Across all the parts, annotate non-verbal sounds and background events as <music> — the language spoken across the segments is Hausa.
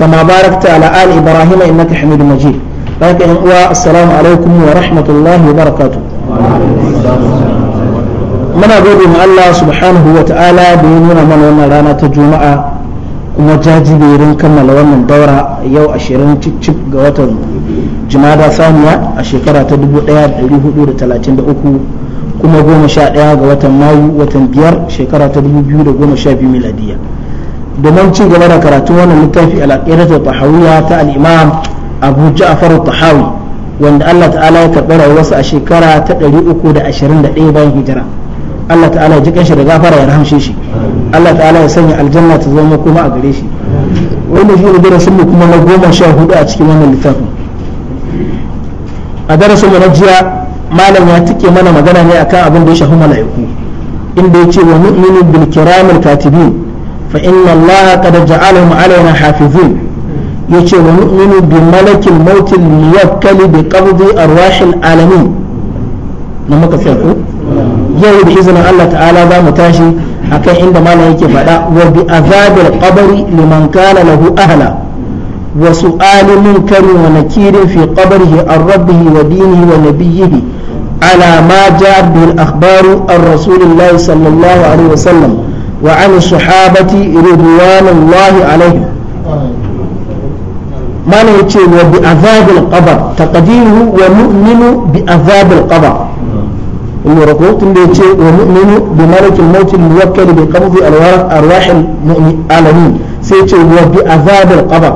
كما باركت على آل إبراهيم إنك حميد مجيد لكن السلام عليكم ورحمة الله وبركاته muna gode ma Allah subhanahu wa ta'ala da ya nuna mana wannan rana ta juma'a kuma jajiberin kammala wannan daura yau ashirin cicif ga watan jumada saniya a shekara ta 1433 kuma 11 ga watan mayu watan biyar shekara ta 2012 miladiya domin ci gaba da karatun wannan littafi al-aqidatu tahawiyya ta al-imam Abu Ja'far tahawi wanda Allah ta'ala ya karɓi rayuwarsa a shekara ta 321 bayan hijira Allah ta'ala ya ji kanshi da gafara ya rahamshe shi Allah ta'ala ya sanya aljanna ta zama kuma a gare shi wanda shi ne darasin mu kuma na goma sha hudu a cikin wannan littafin a darasin mu na jiya malam ya tike mana magana ne akan abin da ya shafi mala'iku inda ya ce wa mu'minu bil kiramil katibin fa inna allaha qad ja'alahum alaina hafizin yace wa nu'minu bi malakil maut liyakkali bi qabdi arwahil alamin na muka tsaya ko yau da izinin Allah ta'ala za mu tashi akan inda malam yake faɗa wa bi azabil qabri liman kana lahu ahla wa su'al munkari wa nakirin fi qabrihi an rabbihi wa dinihi wa nabiyyihi ala ma ja'a bil akhbaru ar rasulillahi sallallahu alaihi sallam. وعن الصحابة رضوان الله عليهم ما نيتي وبعذاب القبر تقديره ومؤمن بعذاب القبر المرقوق اللي ومؤمن بملك الموت الموكل بقبض أرواح المؤمنين سيتي وبعذاب القبر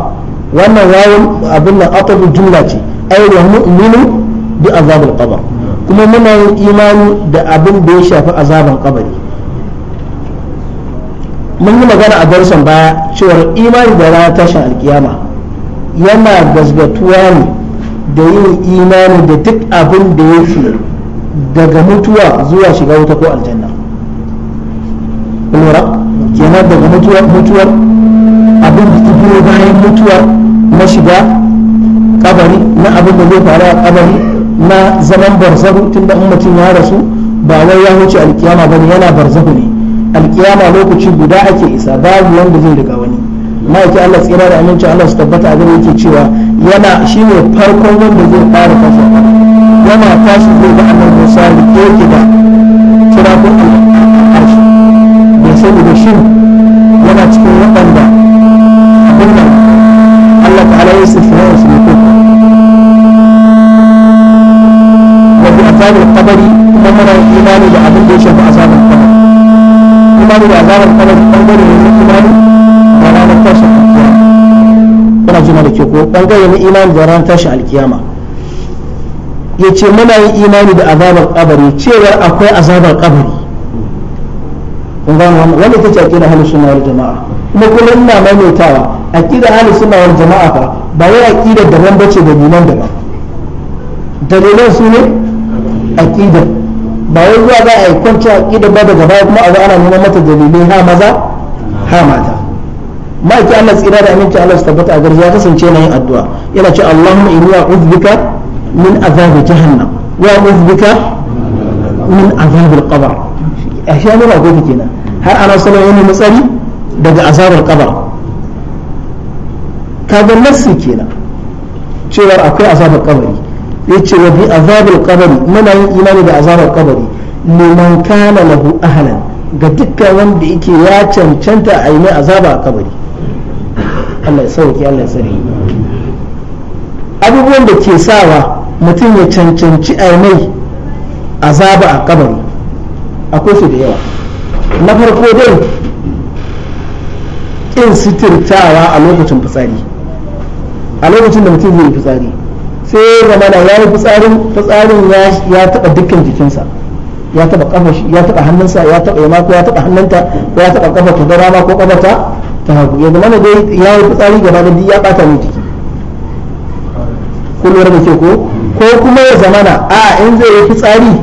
وأنا واو أبن أطب الجملة أي ومؤمن بعذاب القبر كما من إيمان بأبن بيشا فأذاب القبر mun yi magana a darsan baya cewar imani da rana tashin alkiyama yana gasgatuwa ne da yin imani da duk abin da ya fi daga mutuwa zuwa shiga wuta ko aljanna lura kenan daga mutuwar mutuwar abin da biyo bayan mutuwa na shiga kabari na abin da zai faru a kabari na zaman barzahu tunda in mutum ya rasu ba wai ya wuce alkiyama ne yana barzahu ne alkiyama lokaci guda ake isa babu wanda zai riga wani ma'aiki Allah tsira da aminci Allah su tabbata abin yake cewa yana shi ne farkon wanda zai fara kafa yana tashi zai ga annabi Musa da ke da turakun bangare na imani da ran tashi alkiyama ya ce muna yin imani da azabar kabari cewar akwai azabar kabari wanda ta ce akida halin suna wani jama'a kuma kuma ina maimaitawa akida halin suna wani jama'a fa ba wai da daban bace da liman daban dalilan su ne akida ba wai zuwa za a yi kwanci akida ba daga baya kuma a zo ana neman mata dalilai ha maza ha mata ma'aiki Allah tsira da aminci Allah su tabbata a garzi ya kasance na yin addu'a yana ce Allahumma inni a'udhu bika min azab jahannam wa a'udhu bika min azab al-qabr a shi amara gobe kenan har ana sallallahu yana matsari daga azabar qabr kaga nassi kenan cewar akwai azabar kabari yace wa bi azabar kabari mana yin imani da azabar kabari liman kana lahu ahlan ga dukkan wanda yake ya cancanta a yi mai azaba a kabari Allah ya sauke Allah ya tsare abubuwan da ke sawa mutum ya cancanci a mai azaba a kabari akwai su da yawa na farko dai in sitirtawa a lokacin fitsari a lokacin da mutum zai yi fitsari sai zamana ya yi fitsarin fitsarin ya taɓa dukkan jikinsa ya taba kafa ya taba hannunsa ya taba yama ya taba hannunta ko ya taba kafa ta dama ko kafa ta ya zama na dai ya yi tsari gaba da ya bata mai jiki kun lura da ke ko ko kuma ya zama na a in zai yi tsari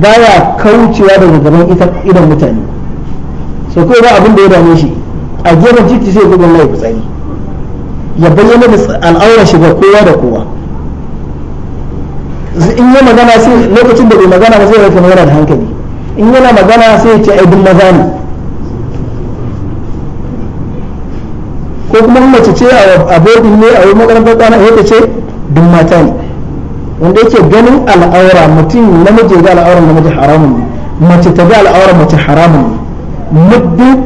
baya kaucewa daga gaban idan mutane sai ko ba abin da ya dame shi a gefen titi sai gudun mai tsari. ya bayyana da al'aurar shi ga kowa da kowa in yi magana sai lokacin da bai magana ba zai rage magana da hankali in yana magana sai ya ce ai maza ne ko kuma mace ce a bodin ne a wani makarantar ɗana eh, a yadda ce duk mata ne wanda yake ganin al'aura mutum namiji ga al'aura namiji haramun ne mace ta ga al'aura mace haramun ne muddin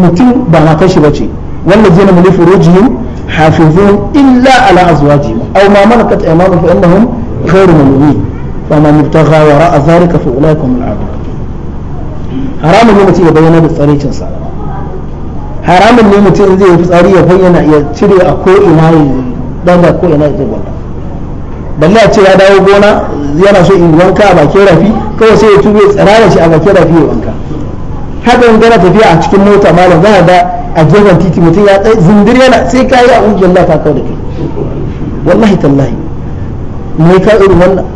mutum ba matan shi bace wanda zai na muli furujihim hafizun illa ala azwajihim aw ma malakat aymanuhum fa innahum ghayru mamnunin fa man ibtagha wara'a dhalika fa ulaika hum al-'adun haramun ne mutum ya bayyana da tsaricin sa haramun ne mutum zai yi fitsari ya bayyana ya cire a ko ina ya daga ko ina ya zuba balle a ce ya dawo gona yana so in wanka a bakin rafi kawai sai ya tube tsirara shi a bakin rafi ya wanka haka in gana tafiya a cikin mota malam za da a gefen titi mutum ya tsaye zindir yana sai ka yi a ujjalla lafa kawai da kai wallahi tallahi me ka irin wannan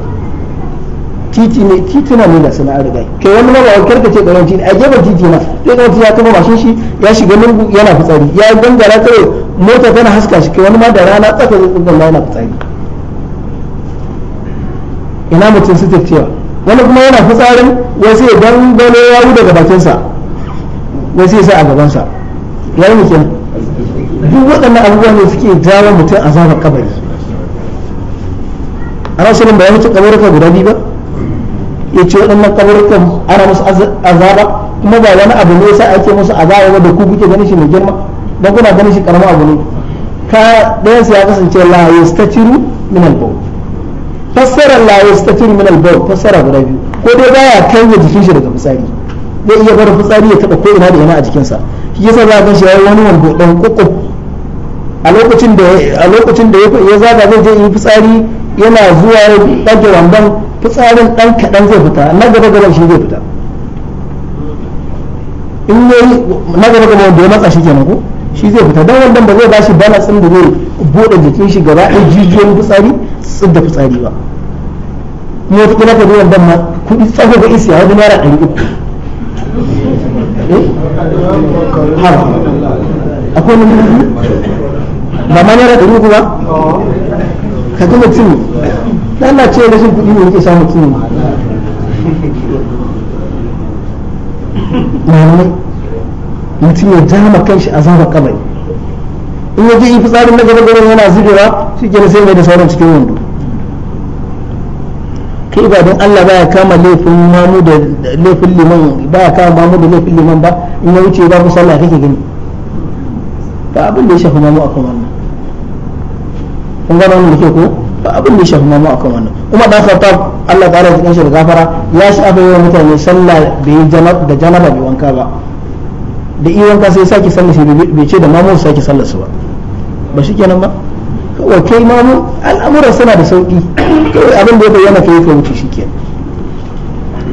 titi ne titina ne da suna riga kai wani ma ba ka ce karanci a gefen titi na sai karanci ya kama mashin shi ya shiga lungu yana fitsari ya gangara kawai mota tana haska shi kai wani ma da rana tsaka zai tsinga yana fitsari ina mutum su cewa wani kuma yana fitsarin wai sai dan gano yawu daga bakinsa wai sai sa a gabansa ya yi mutum duk waɗannan abubuwa ne suke jawo mutum a zafin kabari a rasulun ba ya wuce ka guda biyu ba ya ce waɗannan kabarukan ana musu azaba kuma ba wani abu ne sai ake musu azaba da ku kuke ganin shi mai girma don kuna ganin shi karamin abu ne ka ɗayan ya kasance la yastatiru min al-bawl fassara la yastatiru min al-bawl fassara guda biyu ko dai baya kai ya jikin shi daga fitsari zai iya bar fitsari ya taɓa ko ina da yana a jikinsa shi yasa za ka shi wani wando dan kukuf a lokacin da ya zaga zai je yi fitsari yana zuwa ya ɗage wandon fitsarin ɗan kaɗan zai fita na gaba gaban shi zai fita in yayi na gaba gaban wanda ya matsa shi kenan ko shi zai fita don wannan ba zai ba shi balance da zai bude jikin shi gaba ɗaya jijiyoyin fitsari su da fitsari ba kuma wata kila da wannan ma kuɗi tsago ga a wani naira ɗari uku eh? akwai wani ba ma naira ɗari uku ba ka ga mutum Allah ce rashin kuɗi ne yake samun kiwo malamai mutum ya jama kanshi a zaba kabari in ya je yi fitsarin na gaba gaba yana zubewa shi ke sai mai da sauran cikin wando kai ba don Allah baya kama laifin mamu da laifin liman baya kama mamu da laifin liman ba in ya wuce ba ku sallah kake gani ba abin da ya shafi mamu akan wannan kun gano wannan da ke ko ba abin da shafi mamu akan wannan kuma da khattab Allah ta'ala ya shi da gafara ya abin yawan mutane sallah bai janab da janaba bai wanka ba da iya wanka sai sake sallah sai bai ce da mamu sake sallah su ba ba kenan ba kawai kai mamu al'amuran suna da sauki kawai abin da ya bayyana kai ka wuce kenan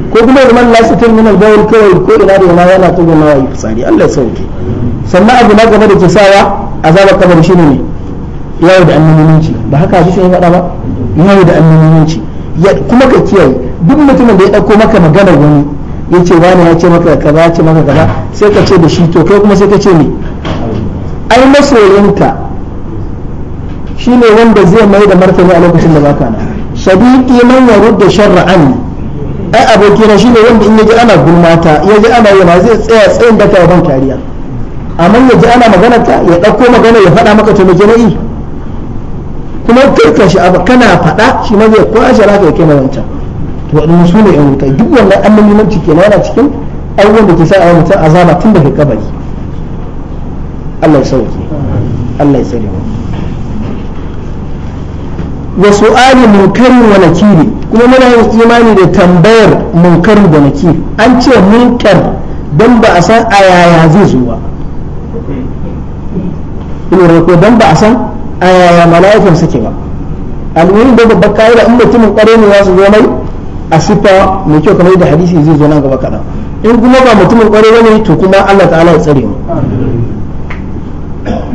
ko kuma zaman lasitin min albawl kawai ko ina da yana yana tugun nawayi fitsari Allah ya sauke sannan abu na gaba da ke sawa azabar kabar shi ne yawo da annabiminci ba haka hadisi ya faɗa ba yawo da annabiminci kuma ka kiyaye duk mutumin da ya ɗauko maka maganar wani ya ce ne ya ce maka kaza ya ce maka kaza sai ka ce da shi to kai kuma sai ka ce ne ai masoyinka ne wanda zai mai da martani a lokacin da baka na sadiqi man yarudda sharra anni ai abokina ne wanda in ya ji ana gulmata ji ana yana zai tsaya tsayin daka wa ban kariya amma ji ana magana ta ya ɗauko magana ya faɗa maka to me yi kuma karka shi abu kana faɗa shi ma zai kwashe raka ya kema wancan to waɗannan su ne yan wuta duk wannan annalimanci ke yana cikin abubuwan da ke sa a mutum azaba tun daga kabari Allah ya sauke Allah ya tsare wa su'ali munkari wa nakiri kuma muna yin imani da tambayar munkari da nakiri an ce munkar dan ba a san a yaya zai zo ba ko don ba a san a yaya mala'ikun suke ba al'ummi da babbar ka'ida in mutumin kware ne za su zo mai a sifa mai kyau kamar yadda hadisi zai zo nan gaba kaɗan in kuma ba mutumin kware ba ne to kuma Allah ta'ala ya tsare mu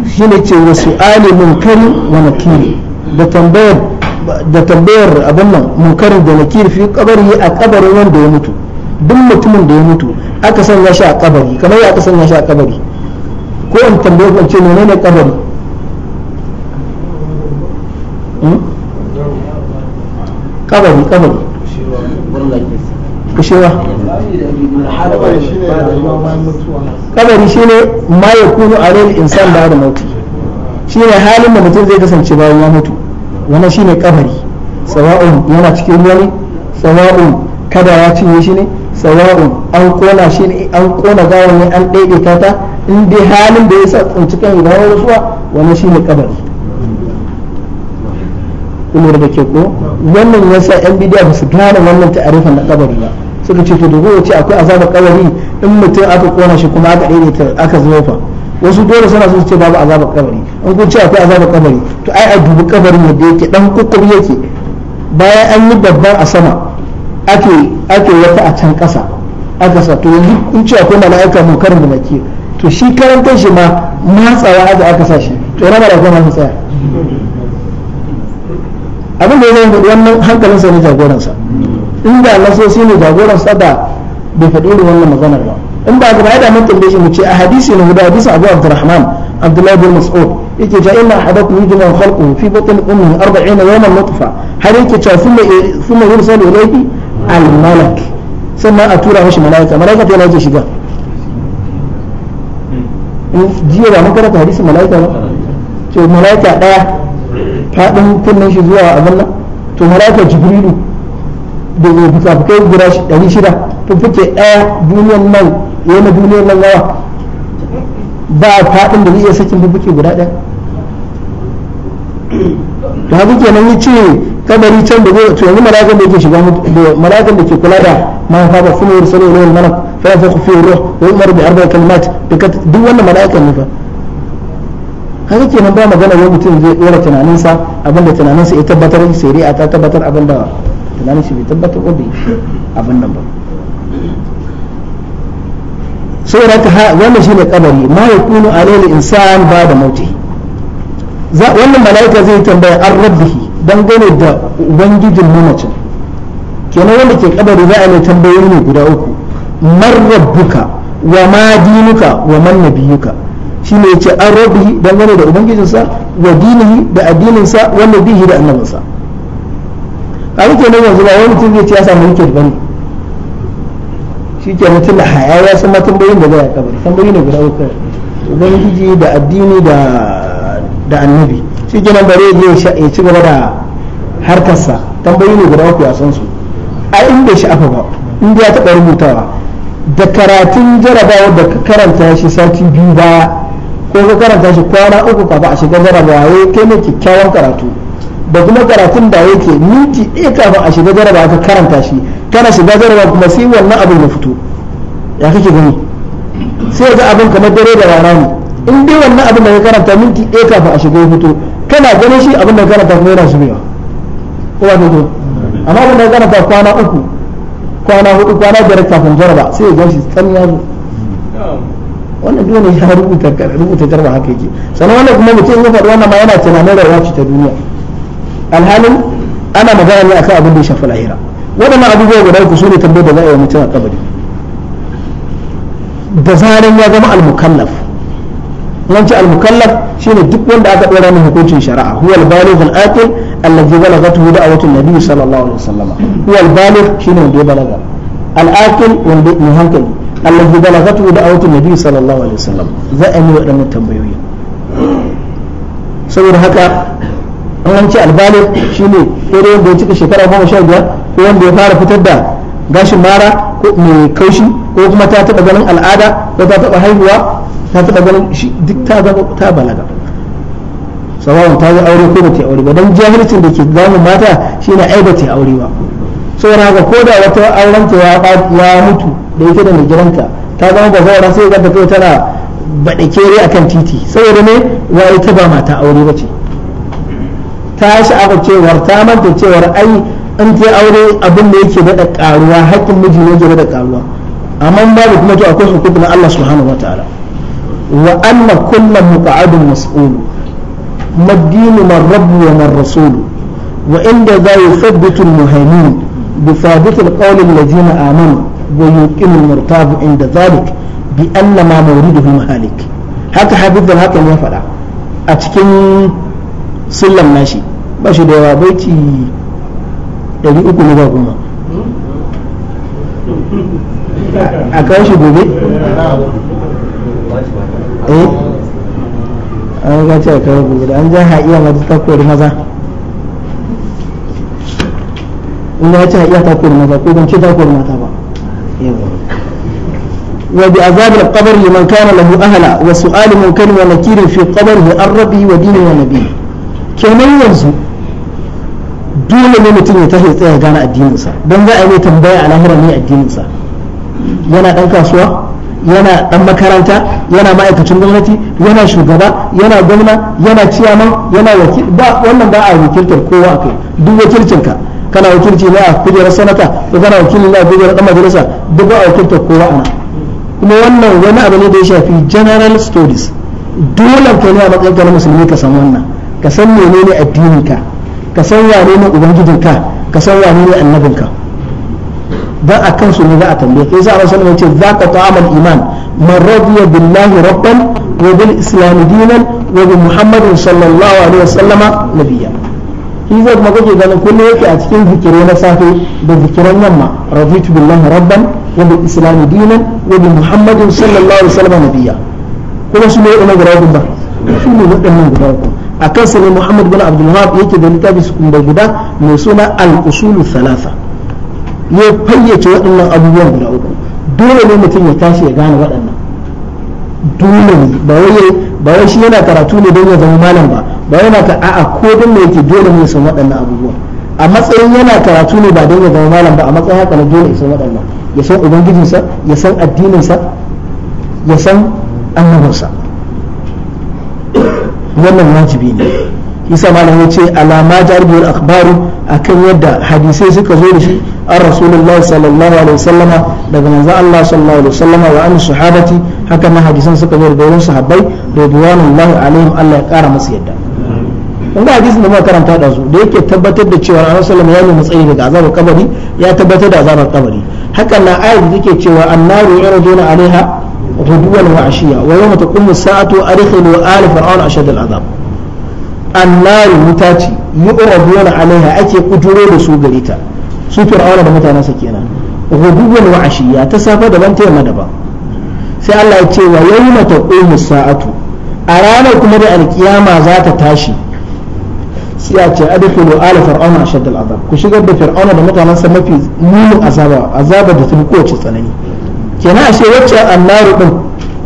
shi ne ce wa su'ali munkari wa nakiri da tambayar da tambayar abin nan munkari da nakiri fi kabari a kabarin wanda ya mutu duk mutumin da ya mutu aka sanya shi a kabari kamar ya aka sanya shi a kabari ko in tambaye ko ce menene kabari kabari kabari kushewa kabari shine ma ya kunu alal insan ba da mauti shine halin da mutum zai kasance bayan ya mutu wannan shine kabari sawa'un yana cikin wani sawa'un kada ya cinye shi ne sawa'un an kona shi ne an kona gawa ne an ɗaiɗe ta in dai halin da ya sa tsinci kan gawar rasuwa wannan shine kabari kuma da ke ko wannan ya sa yan bidiya ba su gane wannan ta'arifan na kabari ba suka ce to dogo ce akwai azaba kabari in mutum aka kona shi kuma aka daidaita aka zo fa wasu dole suna so su ce babu azaba kabari in kun ce akwai azaba kabari to ai a dubi kabarin yadda yake dan kukur yake bayan an yi babban a sama ake ake wata a can kasa aka sa to yanzu in ce akwai mala'ika mu karin da nake to shi karantar shi ma matsawa aka aka sa shi to yana da kuma tsaya abin da ya zama faɗi wannan hankalinsa ne jagoransa inda nasosi ne jagoransa da bai faɗi irin wannan maganar ba in ba ga ba da mun tambaye shi mu ce a hadisi na hudu hadisi Abu Abdurrahman Abdullahi bin Mas'ud yake ta inna ahadakum yujma khalquhu fi batni ummihi 40 yawman nutfa har yake ta thumma thumma yursalu ilayhi al-malak sannan a tura mashi malaika malaika ta yana shiga in jiya ba mun karanta hadisi malaika ba to malaika daya faɗin kunnen shi zuwa a nan to malaka jibrilu da zai fuka-fukai guda ɗari shida fuke ɗaya duniyar nan ya na duniyar nan gawa ba faɗin da zai iya sakin fuke guda ɗaya to haka kenan yi ce kabari can da zai to yanzu malakan da yake shiga malakan da ke kula da ma ba kuma yursalu ilaihi malak fa yafakhu fi ruh wa yamar bi arba'i kalimat duk wannan malakan ne fa haka nan ba magana wani mutum zai dora tunaninsa abinda tunaninsa ya tabbatar shi shari'a ta tabbatar abinda tunanin shi bai tabbatar wanda abin nan ba saboda haka wannan shine kabari ma yakunu alayhi insan ba da mauti wannan malaika zai tambaya an rabbihi dangane da ubangijin mamacin kenan wanda ke kabari za a mai tambayoyi ne guda uku man rabbuka wa ma dinuka wa man nabiyuka ne ce an rabbihi dangane da ubangijinsa wa dinihi da addininsa wa nabihi da annabinsa a rike nan yanzu ba wani mutum zai ce ya samu rike bane shi ke mutum da haya ya san ma tambayin da zai ya kabari tambayi ne guda uku ubangiji da addini da annabi shi ke nan bare zai ya ci gaba da harkarsa tambayi ne guda uku ya san su a inda shi aka ba inda ya taɓa rubutawa da karatun jarabawar da ka karanta shi sati biyu ba ko ka karanta shi kwana uku ba a shiga jarabawa ya kai mai kyakkyawan karatu da kuma karatun da yake minti ɗaya kafin a shiga jaraba ka karanta shi kana shiga jaraba kuma sai wannan abin ya fito ya kake gani sai ga abin kamar dare da rana ne in dai wannan abin da ka karanta minti ɗaya kafin a shiga ya fito kana ganin shi abin da ka karanta kuma yana zubewa ko ba to amma abin da ka karanta kwana uku kwana hudu kwana biyar kafin jaraba sai ya gan shi tsan ya zo wannan dole ya rubuta rubuta jarba haka yake sannan wannan kuma mutum ya faɗi wannan ma yana tunanin rayuwa ce ta duniya alhalin ana magana ne akan abin da ya shafi lahira waɗannan abubuwa guda uku sune tambayar da za a yi mutum a kabari da zaran ya zama al-mukallaf wanci al-mukallaf shine duk wanda aka ɗora mai hukuncin shari'a huwa al-baligh al-aqil alladhi balaghathu da'watu an-nabi sallallahu alaihi wasallam huwa al-baligh shine wanda ya balaga al-aqil wanda ya hankali Allah bala fatu da autun nabi sallallahu alaihi wasallam za a yi waɗannan tambayoyi saboda haka an ce albalik shine ɗaya wanda ya cika shekara goma sha biyar ko wanda ya fara fitar da gashin mara ko mai kaushi ko kuma ta taɓa ganin al'ada ko ta taɓa haihuwa ta taɓa ganin shi duk ta zama ta balaga sawawan ta yi aure ko ba ta aure ba don jahilcin da ke zamun mata shine ai ba ta aure ba saboda haka ko da wata aurenta ya mutu da yake da mai gidanta ta zama ba zaura sai ga ta tana baɗe kere akan titi saboda ne wai ta ba mata aure ba ce ta sha'afa cewar ta manta cewar ai in ta aure abin da yake daɗa ƙaruwa haƙƙin miji ne yake daɗa ƙaruwa amma babu kuma to akwai hukumin Allah subhanahu wataala wa anna kullu muqa'adun mas'ul madinu man rabbu wa man rasulu wa inda za yuthabbitu al-muhaimin bi thabit al-qawl alladhina amanu ويوقن المرتاب عند ذلك بأن ما مورده مهالك haka hafizul hakan ya faɗa a cikin sullan nashi shi da ne ba kuma a shi gobe? eh an gobe da an ja ha'iya mata takwari maza in ya وبعذاب القبر لمن كان له أهلا وسؤال منكر ونكير في قبره عن ربه ودينه ونبيه كما ينزو دون ne mutum ya tashi tsaya gane addininsa don za a yi tambaya a lahira ne addininsa yana dan kasuwa yana dan makaranta yana ma'aikacin gwamnati yana shugaba yana gwamna yana ciyaman yana wakil ba wannan ba a wakiltar kowa akai duk wakilcinka kana wakilci ne a kujerar sanata ko kana wakilci ne a kujerar dan majalisa duk ba a wakiltar kowa ana kuma wannan wani abu ne da ya shafi general studies dole ka ne a matsayin na musulmi ka san wannan ka san menene addini ka ka san wane ne ubangijin ka ka san wane ne annabin ka dan a kansu ne za a tambaye kai za a rasu ne ce zaka ta'amal iman man radiya billahi rabban wa bil islam dinan wa bi muhammadin sallallahu alaihi wasallama nabiyya shi zai kuma kake ganin kullum yake a cikin zikirai na safe da zikiran yamma raditu billahi rabban wa bil islam dinan wa bi muhammadin sallallahu alaihi na biya kuma su ne wadannan guda uku ba su ne waɗannan guda uku a kan ne muhammad bin abdul wahab yake da littafi su kuma guda mai suna al salasa ya fayyace waɗannan abubuwan guda uku dole ne mutum ya tashi ya gane waɗannan dole ne ba wai ba wai shi yana karatu ne don ya zama malam ba ba yana ka a'a ko don me yake dole ne ya san waɗannan abubuwan a matsayin yana karatu ne ba don ya zama malam ba a matsayin haka ne dole ya san waɗannan ya san ubangijinsa ya san addininsa ya san annabinsa wannan wajibi ne isa malam ya ce alama jaribiyar akhbaru akan yadda hadisai suka zo da shi an rasulullahi sallallahu alaihi wasallama daga manzon Allah sallallahu alaihi wasallama wa an sahabati haka na hadisan suka zo daga wurin sahabbai radiyallahu alaihim Allah ya kara masa yadda wanda hadisin da muka karanta da su da yake tabbatar da cewa Annabi sallallahu alaihi wasallam ya nemi tsayi daga azabar kabari ya tabbatar da azabar kabari hakan na ayar da take cewa annaru yana zo na alaiha rubuwan wa ashiya wa yau mutakun musa'atu a rikin wa alifar awon ashad al'azam annaru wuta ce yi urabuwan alaiha ake kuturo da su gare ta su fir'auna da mutanensa kenan rubuwan wa ashiya ta safe daban ta yamma daban sai Allah ya ce wa yau mutakun musa'atu a ranar kuma da alkiyama za ta tashi sai a ce adkhulu ala fir'auna ashadd azab ku shigar da fir'auna da mutanensa mafi munin azaba azaba da tun kowace tsanani kenan ashe wacce annaru din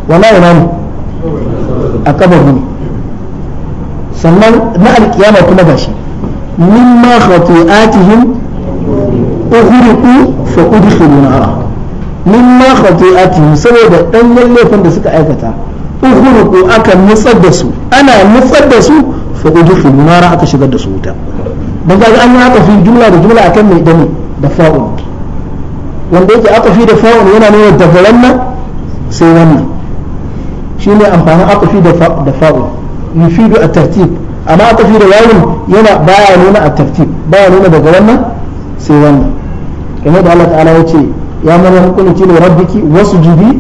wala yana ne a kabar ne sannan na alkiyama kuma ba shi. gashi mimma khati'atihim ughriqu fa udkhilu nara mimma khati'atihim saboda dan laifin da suka aikata ughriqu aka nutsar da su ana nutsar da su fa udkhulu nara aka shigar da su wuta dan kaga an yi aka fi jumla da jumla akan mai dani da fa'un wanda yake aka fi da fa'un yana nuna daga wannan sai wannan ne amfanin aka fi da fa'un yufidu at-tartib amma aka fi da yawon yana baya nuna a tartib baya nuna daga wannan sai wannan kamar da Allah ta'ala ya ce ya mana hukunci ne rabbiki wasjudi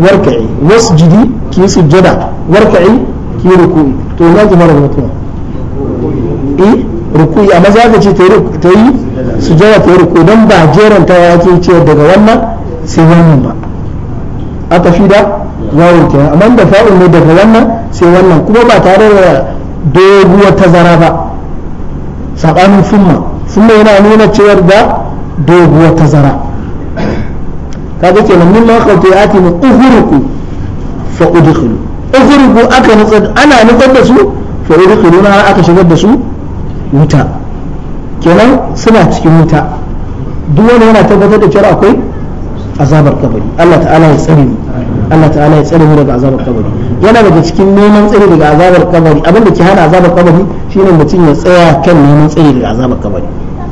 warka'i wasjudi ki sujjada warka'i yi ruku'i to ina zama da mutuwa eh ruku'i amma za ka ce ta yi sujada ta yi ruku'i don ba jeranta ya ke ce daga wannan sai wannan ba a tafi da wawon kenan amma da fa'il ne daga wannan sai wannan kuma ba tare da doguwar tazara ba saɓanin summa summa yana nuna cewar da doguwar tazara kaga kenan min ma ati min uhuruku fa udkhulu ukhribu aka nutsar ana nutsar da su fa na aka shigar da su wuta kenan suna cikin wuta duk wani yana tabbatar da cewa akwai azabar kabari Allah ta'ala ya tsare mu Allah ta'ala ya tsare mu daga azabar kabari yana daga cikin neman tsare daga azabar kabari abin da ke hana azabar kabari shine mutum ya tsaya kan neman tsare daga azabar kabari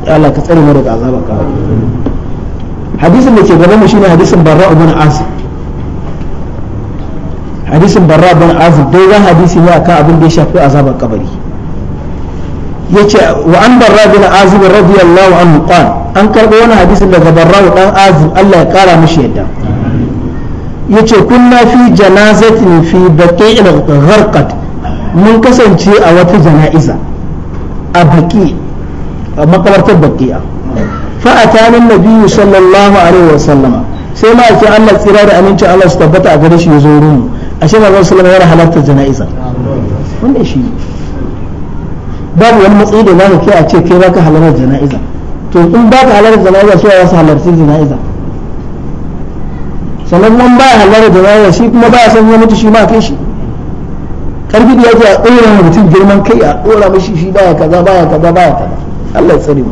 Allah ka tsare mu daga azabar kabari hadisin da ke gaban mu shine hadisin barra ibn asib hadisin barra bin azib dogon hadisi ne akan abin da ya shafi azabar kabari yace wa an barra bin azib radiyallahu anhu qan an karbo wani hadisin daga barra dan azib Allah ya kara mishi yadda yace kunna fi janazatin fi baqi'il gharqat mun kasance a wata jana'iza a baki a makabartar baqi'a fa atana nabiyyu sallallahu alaihi wa sai ma ake Allah tsira da aminci Allah su tabbata a gare shi ya zo mu ashe ba zan sallama yana halartar jana'iza wannan shi babu wani matsayi da za zaka kai a ce kai baka halartar jana'iza to in baka halartar jana'iza shi ya halarci jana'iza sannan kuma ba halartar jana'iza shi kuma ba ya san ya mutu shi ma kai shi karfi da yake a ɗora mutum girman kai a ɗora mashi shi baya kaza ya kaza ba ya kaza Allah ya tsare mu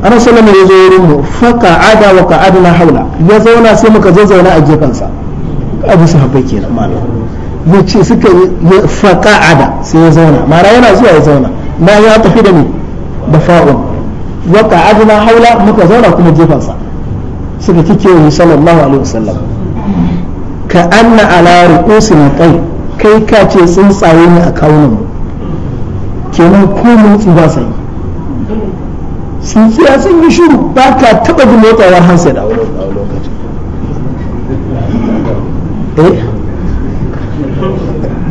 ana sallama ya zo wurin mu fa qa'ada wa qa'adna haula ya zauna sai muka zazzauna a gefansa abu haɓe ke malam ya ce suka yi da sai ya zauna mara yana zuwa ya zauna na ya tafi da ni da fa'un wa qa'adna haula muka zauna kuma gefansa suka kike yi sallallahu alaihi wasallam ka anna ala na kai kai ka ce tsuntsaye ne a kawunan mu kenan ko mun tsuba sai sun tsaya sun yi shiru ba ka taɓa jin motsawar hansa da wani eh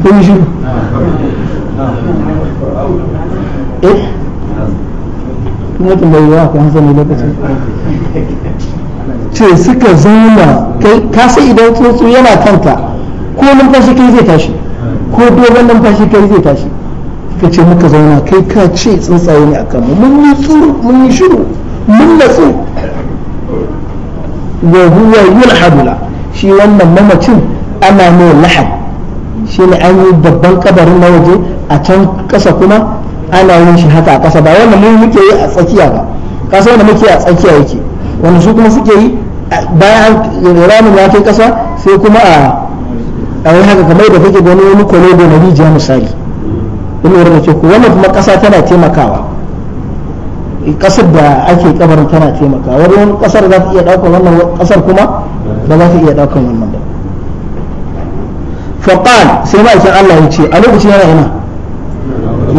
kun shiru eh kuma tambayi ba ku hansani lokacin ce suka zauna ka sai idan tsuntsu yana kanka ko numfashi kai zai tashi ko dogon numfashi kai zai tashi Ka ce muka zauna kai ka ce tsuntsaye ne a kanmu mun yi tsuru mun yi shiru mun tsuru wa huwa yulhadula shi wannan mamacin ana mai lahad ne an yi babban kabarin na waje a can kasa kuma ana yin shi haka a kasa ba wanda mun muke yi a tsakiya ba kasa wanda muke a tsakiya yake wanda su kuma suke yi bayan ramin ya kai kasa sai kuma a a wani haka kamar da kake gani wani da na rijiya misali in lura da ke ku wannan kuma kasa tana taimakawa kasar da ake kabarin tana taimakawa wani kasar za ta iya daukan wannan kasar kuma ba za ta iya daukan wannan faqal sai ma'aikin Allah ya ce a lokacin yana yana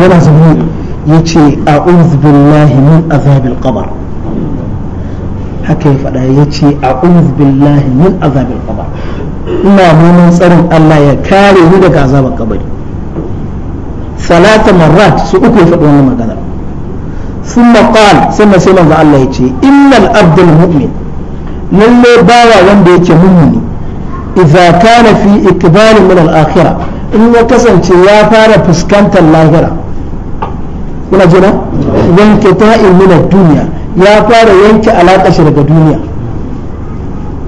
yana zaune ya ce a'udhu billahi min azabil qabr haka ya faɗa ya ce a'udhu billahi min azabil qabr ina neman tsarin Allah ya kare ni daga azabar kabari salata marrat su uku ya faɗi wannan magana ثم قال ثم سيما الله يجي إن الأبد المؤمن للي باوى وندي يجي مؤمن idza kana fi ikbal min al in ya kasance ya fara fuskantar lahira kuna jira yanke ta'in min ad ya fara yanke alaƙa shi daga duniya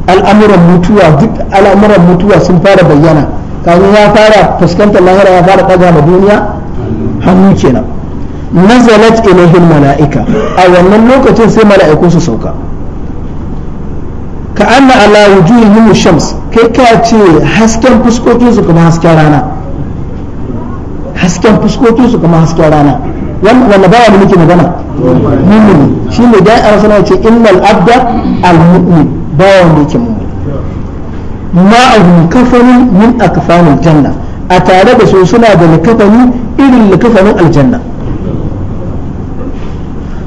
al'amuran mutuwa duk al'amuran mutuwa sun fara bayyana kafin ya fara fuskantar lahira ya fara ɗaga ma duniya hannu kenan nazalat ilaihil mala'ika a wannan lokacin sai mala'iku su sauka ka anna ala wujuhihim shams kai ka ce hasken fuskokin su kuma hasken rana hasken fuskokin su kuma hasken rana wannan ba wani muke magana mu'mini shine da ya rasu ce innal abda al mu'min ba wani yake mu'min ma a min akfanil janna a tare da su suna da likafani irin likafanin aljanna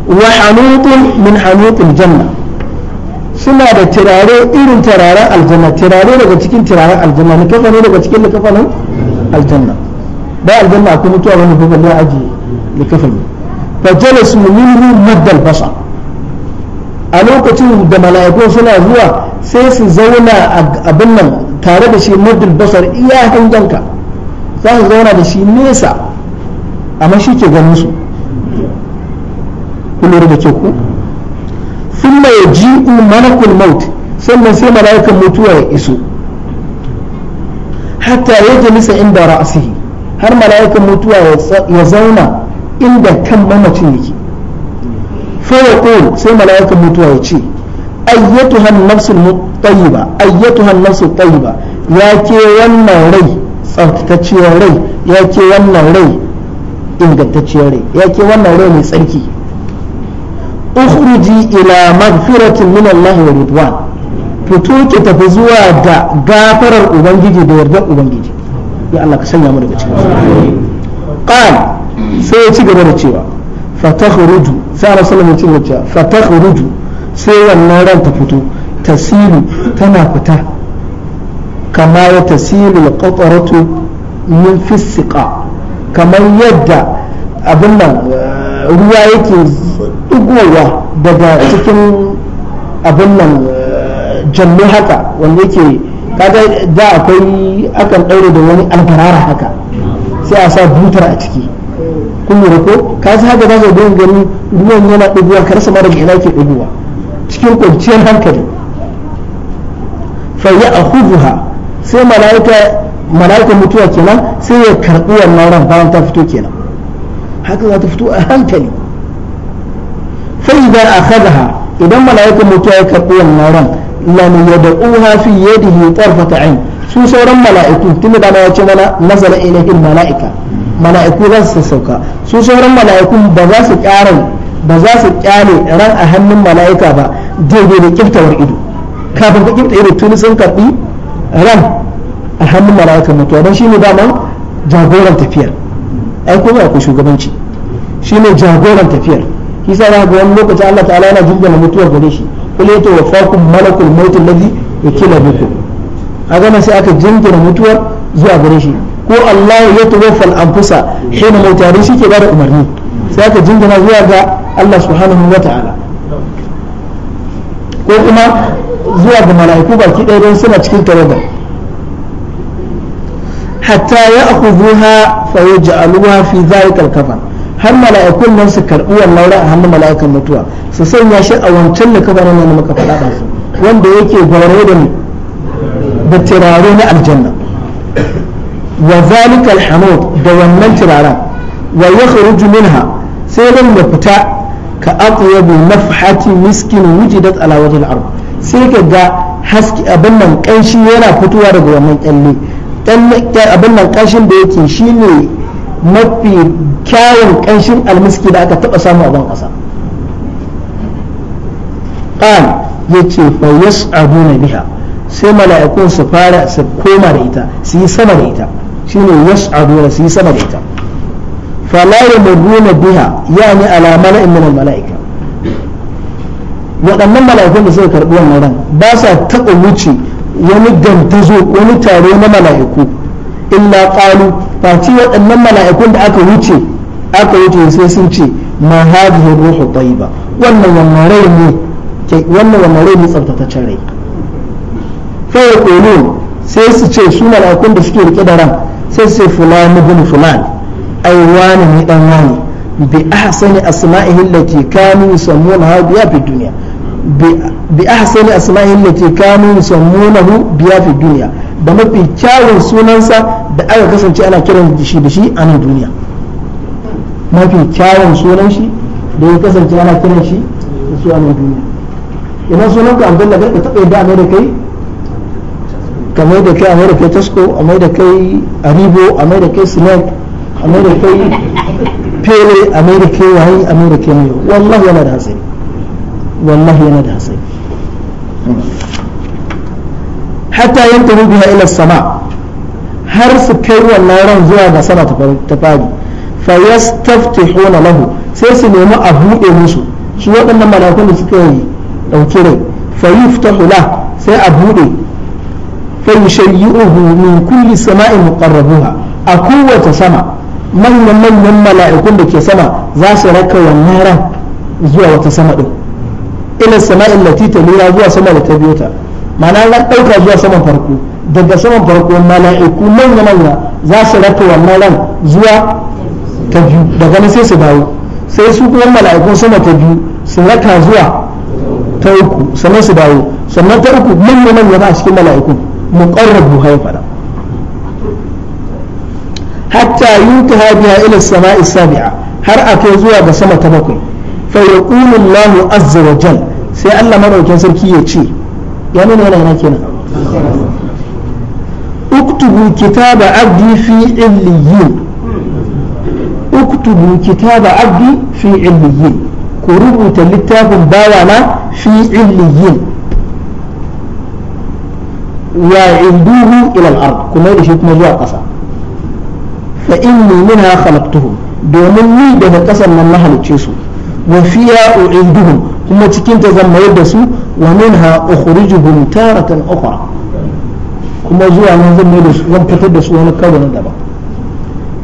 wa hanutun min hanutul janna suna da turare irin turaren aljanna turare daga cikin turaren aljanna ne kafa ne daga cikin likafanin aljanna ba aljanna akwai mutuwa wani kuma ne aji ne fa jalasu minhu muddal basa a lokacin da mala'iku suna zuwa sai su zauna abin nan tare da shi muddal basar iya hanganka, za su zauna da shi nesa amma shi ke ganin su kullum da ke ku sun ya ji'u malakul maut sannan sai mala'ikan mutuwa ya iso hatta ya nisa inda ra'asihi har mala'ikan mutuwa ya zauna inda kan mamacin yake fa sai mala'ikan mutuwa ya ce ayyatu an-nafsul tayyiba ayyatu an-nafsul tayyiba ya ke wannan rai tsaftatacciyar rai ya ke wannan rai ingantacciyar rai ya ke wannan rai mai tsarki ukhruji ila maghfiratin min Allah wa ridwan fito ki tafi zuwa ga gafarar ubangiji da yardar ubangiji ya Allah ka sanya mu daga cikin qal sai ya ci gaba da cewa fatakhruju sai Allah sallallahu alaihi wasallam ya ce fatakhruju sai wannan ran ta fito tasilu tana fita kama ya tasilu al-qataratu min fi kamar yadda abin nan ruwa yake ɗigowa daga cikin abin nan eh, jallo haka wanda yake kaga da akwai akan ɗaure da wani albarara haka sai a sa butar a ciki kun lura ko ka sa haka zai ka gani gani ruwan yana ɗigowa kar sama mara ina ke ɗigowa cikin kwanciyar hankali fa ya akhuduha sai malaika mala'ikan mutuwa kenan sai ya karɓi wannan ran bayan ta fito kenan haka za ta fito a hankali sai da akhadha idan mala'ikan mutuwa ya karɓi wannan ran lam yad'uha fi yadihi tarfata ain su sauran mala'iku tun da na yace mana nazara ilaihi mala'ika mala'iku za su sauka sauran mala'iku ba za su ƙara ba za su ƙyale ran a hannun mala'ika ba daidai da kiftawar ido kafin ka kifta ido tuni sun karɓi ran a hannun mala'ikan mutuwa kuma shugabanci shine jagoran tafiyar shi sa za ga wani lokaci Allah ta'ala yana jirgin mutuwar gare shi kul yato wa fakum malakul maut alladhi yukila bikum a ganin sai aka jingina mutuwar zuwa gare shi ko Allah ya tawaffa al-anfusa mai mautari shi ke da umarni sai aka jingina zuwa ga Allah subhanahu wa ta'ala ko kuma zuwa ga mala'iku baki ɗaya don suna cikin tawaga hatta ya akhudhuha fa yaj'aluha fi dhalika al-kafan har mala'ikun nan su karɓi wannan ra'a a hannun mala'ikan mutuwa su sanya shi a wancan da kabarin nan muka faɗa su wanda yake gwarai da da turare na aljanna wa zalika alhamud da wannan turaren wa yakhruju minha sai ran da fita ka aqyabu nafhati miskin wujidat ala wajhil ard sai ka ga haske abin nan kanshi yana fitowa daga wannan kyalle abin nan kashin da yake shine mafi kyawun kanshin almiski da aka taba samu a ban kasa ya ce fa yas'aduna biha sai mala'ikun su fara su koma da ita su yi sama da ita shine yas'aduna su yi sama da ita fala nuna biha ya ne alamala in al-mala'ika waɗannan mala'ikun da suka karɓi wannan ran ba sa taɓa wuce wani gantazo wani tare na mala'iku illa qalu fa ci waɗannan mala'ikun da aka wuce aka wuce sai sun ce ma hadhihi ruhu tayyiba wannan wannan rai ne wannan wannan rai ne tsaftataccen rai fa yaqulun sai su ce su mala'ikun da suke rike da ran sai su ce fulan ibn fulan ai wani ne dan wani bi ahsani asma'ihi allati kanu yusammunaha biya fi dunya bi ahsani asma'ihi allati kanu yusammunahu biya fi dunya da mafi kyawun sunansa da aka kasance ana kiran shi da shi a nan duniya mafi kyawun sunan shi da ya kasance ana kiran shi da su a nan duniya idan sunan ka abdulla kai ka taɓa yadda a mai da kai ka mai da kai a mai da kai tasko a mai da kai aribo a mai da kai snack a mai da kai fere a mai da kai wahayi a mai da kai mayo wallahi yana da hasari wallahi yana da hasari hatta yantahu biya ila sama har su kai wannan ran zuwa ga sama ta fari fa yastaftihuna lahu sai su nemi a buɗe musu su waɗannan malakun da suka yi ɗauki rai fa yuftahu la sai a buɗe fa yushayyuhu min kulli sama'in muqarrabuha a kowace sama manyan manyan mala'ikun da ke sama za su raka wannan ran zuwa wata sama din ila sama'in lati taliya zuwa sama da ta biyo ta mana ran ɗauka zuwa saman farko daga saman farko mala'iku manya manya za su rafa wannan ran zuwa ta biyu daga nan sai su dawo sai su kuma mala'ikun sama ta biyu su raka zuwa ta uku sannan su dawo sannan ta uku manya manya ba a cikin mala'ikun muqarrabu hay fada hatta yuntaha biha ila samai sabi'a har a kai zuwa ga sama ta bakwai fa yaqulu Allahu azza wa jalla sai Allah madaukakin sarki ya ce ya nuna yana yana kenan uktubu kitaba abdi fi illiyin uktubu kitaba abdi fi illiyin ku rubuta littafin bawana fi illiyin wa induhu ila al-ard kuma da shi kuma zuwa ƙasa fa inni minha khalaqtuhum domin ni daga ƙasar nan na halicce su wa fiya u'iduhum kuma cikin ta zan mayar da su wa minha ukhrijuhum taratan ukhra kuma zuwa nan zan mayar da su zan fitar da su wani karo na daban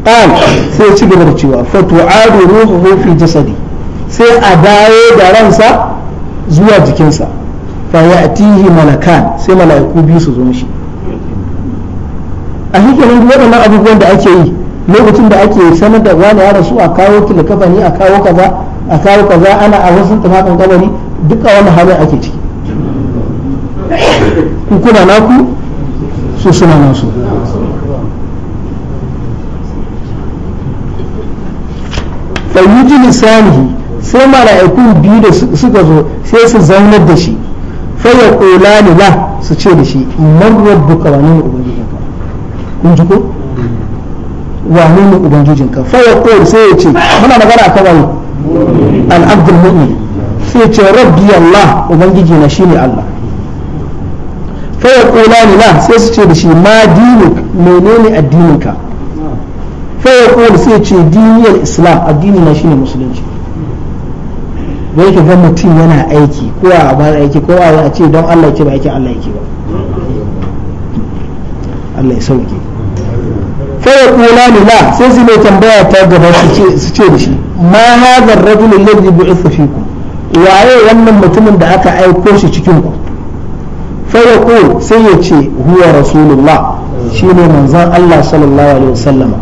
qal sai ci gaba da cewa fa tu'adu ruhuhu fi jasadi sai a dawo da ransa zuwa jikinsa fa ya'tihi malakan sai mala'iku biyu su zo mishi a hikimin duk waɗannan abubuwan da ake yi lokacin da ake sanar da wani ya rasu a kawo tilkafani a kawo kaza a kawo kaza ana a wasu tumatin kabari duk a wani halin ake ciki ku kuna naku su suna nasu fayyuji lisanihi sai mala'iku biyu da suka zo sai su zaunar da shi fayya kola la su ce da shi marwar buka wani ne ubangijinka kun ji ko wani ne ubangijinka fayya kola sai ya ce muna magana a kawai al'abdul mu'min sai ce rabbi Allah ubangiji na shi ne Allah kula ni la sai su ce da shi ma dinuk menene addininka fa kula sai ce diniyar islam addini na ne musulunci da yake ga mutum yana aiki ko a ba aiki ko a ce don Allah ce ba yake Allah yake ba Allah ya sauke kula yaqulani la sai su ne tambaya ta gaba su ce da shi ma hadha ar-rajul alladhi bu'itha fikum waye wannan mutumin da aka aiko shi cikin ku fa yaqul sai ya ce huwa rasulullah shine manzon Allah sallallahu alaihi wasallam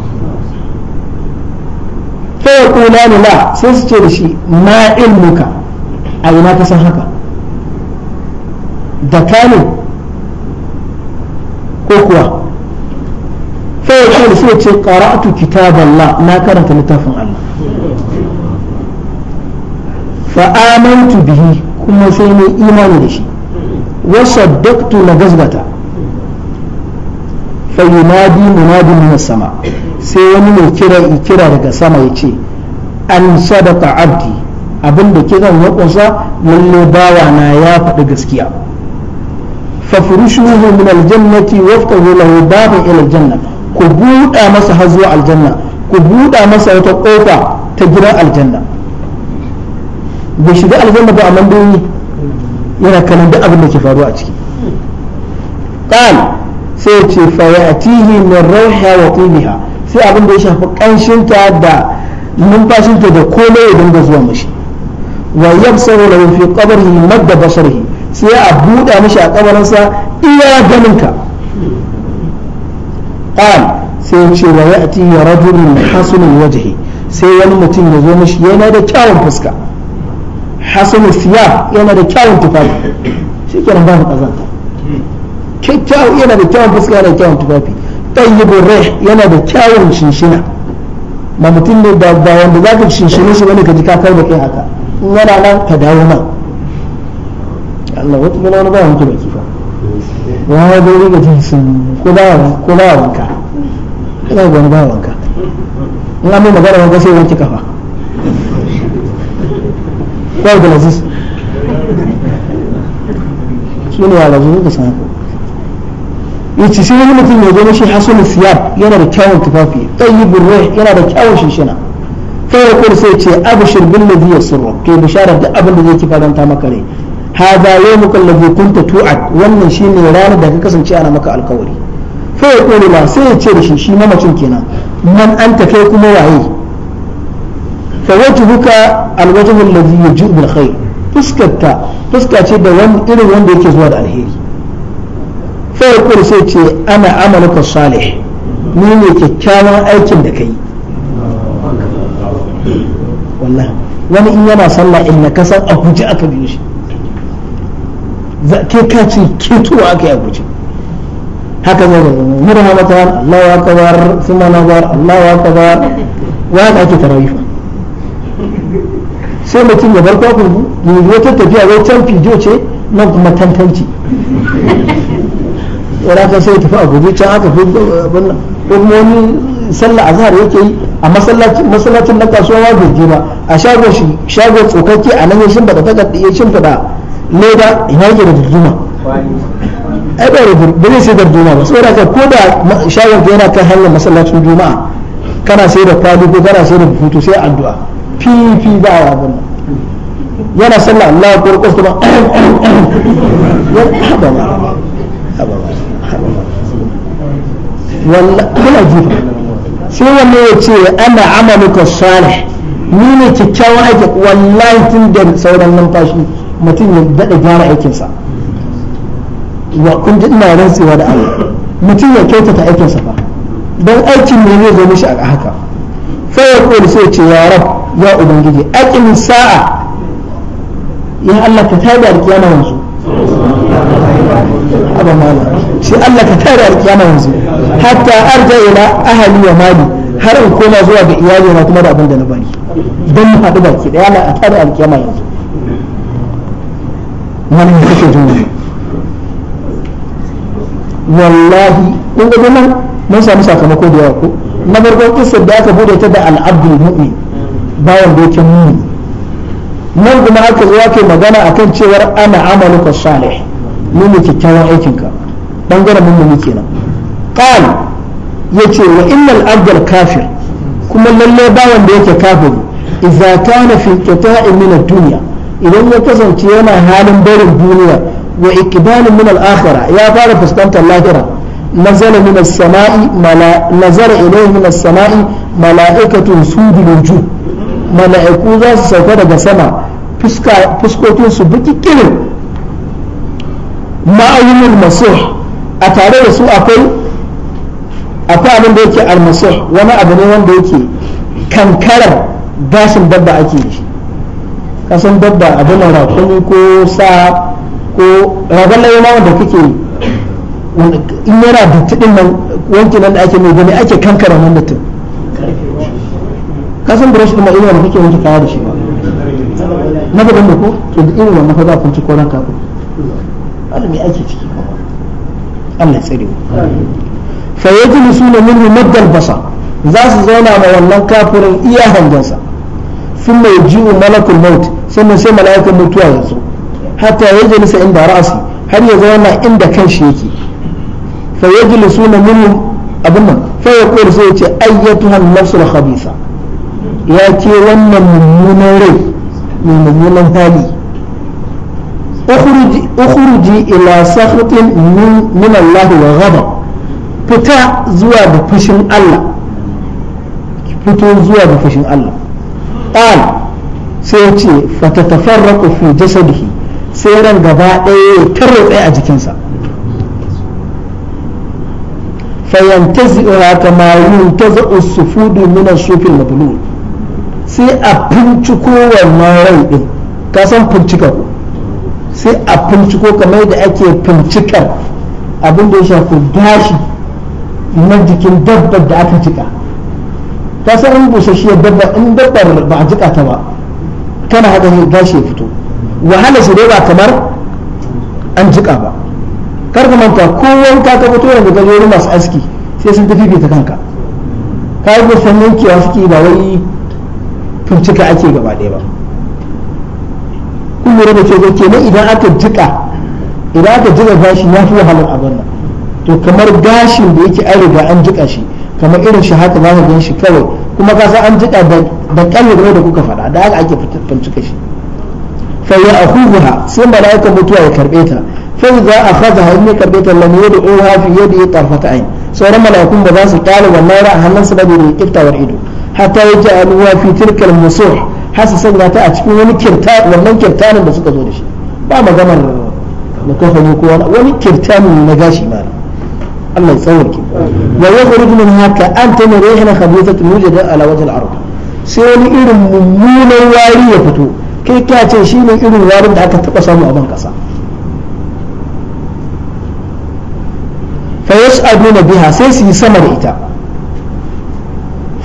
fa yaqulani la sai su ce da shi ma a ina ka san haka da ko kuwa ce na karanta littafin Allah fa'amantu bihi kuma sai mai imani da shi wa saddaqtu la gazbata fa yunadi munadin min sama sai wani mai kira kira daga sama ya ce an sadaqa abdi abinda zan ya kusa lalle bawa na ya faɗi gaskiya fa furushuhu min aljannati waftahu lahu baban ila aljanna ku buɗa masa hazo aljanna ku buɗa masa wata ƙofa ta gidan aljanna bai shiga aljanna ba amma dai yana kallon duk abin da ke faruwa a ciki qal sai ce fa ya'tihi min rawha wa tibiha sai abin da ya shafi kanshinta da numfashinta da komai ya dinga zuwa mashi wa yabsaru lahu fi qabrihi madda basarihi sai a buɗa mashi a kabarinsa iya ganinka qal sai ce wa ya'ti rajulun hasunul wajhi sai wani mutum ya zo mashi yana da kyawun fuska hasan siya yana da kyawun tufafi shi ke nan babu kazanta kyakkyawu yana da kyawun fuska yana da kyawun tufafi yi rih yana da kyawun shinshina ba mutum ne da ba wanda za ka shinshine shi wani ka ji ka da kai haka yana nan ka dawo nan Allah wata wani bayan mutu da kifa wani jin sun wanka ina ga wani wanka in an mai magana wanka sai wanke kafa ko Abdulaziz su ne yara zuwa san ku yace sai wani mutum ya gani shi hasan siyab yana da kyawun tufafi tayyibur ruh yana da kyawun shishina fa yaqul sai ce abshir bil ladhi yasurru Ke bisharar da abin da zai ki faranta maka rai hada yawmuka alladhi kunta tu'ad wannan shine ranar da ka kasance ana maka alkawari fa yaqulu la sai ya ce da shi shi mamacin kenan man an tafe kuma waye fa wajhuka alwajhu alladhi yaji'u bil khair fuskarta fuska ce da wani irin wanda yake zuwa da alheri fa yaqul sai ce ana amaluka salih ni ne kyakkyawan aikin da kai wallahi wani in yana sallah in na kasan a aka biyo shi ke ka ce ketuwa aka haka zai Allahu Allahu ake sai mutum ya bar kwakwun ya yi wata tafiya wai can fijo ce nan kuma tantanci yana kan sai tafi a gobe can aka fi wannan ko kuma wani sallah azhar yake yi a masallacin na kasuwa ba bai ba a shagon shi shagon tsokakke a nan ya shimfida takarda ya shimfida leda ina yake da darduma ai ba da ba zai sai darduma ba saboda ka ko da shagon yana kan hanyar masallacin juma'a kana sai da kwali ko kana sai da butu sai addu'a fifi ba a abin yana sallah Allah ya kurko <coughs> su ba haba ba haba ba wallahi sai wanne ya ce ana amaluka salih ni ne a aiki wallahi tun da sauran numfashi mutum ya daɗa gyara aikinsa wa ina rantsewa da Allah mutum ya kyautata aikinsa ba don aikin ne zai zo mishi a haka fa ya kuli sai ce ya rabu. ya ubangiji aqim sa'a ya Allah ka tada alkiyama yanzu aba mala sai Allah ka tada alkiyama yanzu hatta arja ila ahli wa mali har in koma zuwa ga iyali na kuma da abin da na bari don mu haɗu baki da na a tada alkiyama yanzu wani ne kake jin wallahi kun ga nan mun samu sakamako da yawa ko na farkon kissa da aka bude ta da al-abdul mu'min bawan dokin muni nan kuma aka zo ake magana akan cewar ana amaluka salih ni ne kyakkyawan aikinka bangaren mummuni kenan qal yace wa innal abdal kafir kuma lalle bawan da yake kafiri idza kana fi qita'in min ad-dunya idan ya kasance yana halin barin duniya wa iqbalin min al-akhirah ya fara fuskantar lahira nazala min as-sama'i mala nazara ilayhi min as-sama'i mala'ikatu sudul wujuh mala'iku za su sauka daga sama fuskokin su duk kirin ma'ayyumin masuh a tare da su akwai akwai abin da yake almasuh wani abu ne wanda yake kankarar gashin dabba ake yi kasan dabba abin da rakuni ko sa ko ragon laima wanda kake in yana tudin nan wankin nan da ake mai gani ake kankara wani mutum Kasan san brush kuma ina da kake wanke kaya da shi ba na gaban da ko to duk irin wannan fa za ku ci koran ka Allah me aiki ciki Allah ya tsare fa yajlisuna minhu madal basa za su zauna ma wannan kafirin iya hangensa sun mai ji'u malakul maut sannan sai mala'ikan mutuwa ya zo hatta ya jalisa inda ra'asi har ya zauna inda kan shi yake fa yajlisuna minhu abun nan fa yaqulu sai ya ce ayyatuhan nafsul khabisa ya ce wannan mummunan rai mai mummunan hali ukhruji ila sakhatin min Allah wa ghadab fita zuwa da fushin Allah fito zuwa da fushin Allah qal sai ce fatatafarraqu fi jasadihi sai ran gaba ɗaya ya tarotse a jikinsa fayantazi'uha kama yuntaza'u sufudu min as-sufil mablul sai a binciko wannan rai din ka san fincika sai a binciko kamar da ake bincikar abin da ya shafi gashi na jikin dabbar da aka jika ka san in busasshiyar dabbar in dabbar ba a jika ta ba kana haka gashi ya fito wahala shi dai ba kamar an jika ba karka manta ko wanka ka fito daga gajorin masu aski sai sun tafi ta kanka ka yi gusannin yankewa suke ba wai cika ake gaba ɗaya ba kun lura da ke kenan idan aka jika idan aka jika gashi ya fi wahalar abin nan to kamar gashin da yake an riga an jika shi kamar irin shi haka za gan shi kawai kuma ka san an jika da kallon da kuka faɗa da haka ake fincika shi fa ya akhuha sai malaika mutuwa ya karbe ta fa za akhadha in ya karbe ta yadda yad'uha fi yadi tarfata ayn sauran malaikun ba za su kala wannan ra hannun su ba da kiftawar ido حتى يجعل هو في تلك المسوح حس انها تأتي ولي كرتان ولي كرتان بس كذولش بعد ما نكوفه نكوفه ولي كرتان نجاشي مال الله يصورك ويخرج من هناك أنت مريحنا خبيثة نوجد على وجه العرب سيولي إيرم ممون الوالي يفتو كي كاتي شيء من إيرم الوالي بحكة تقصام وأبان قصام فيسألون بها سيسي سمر إيتا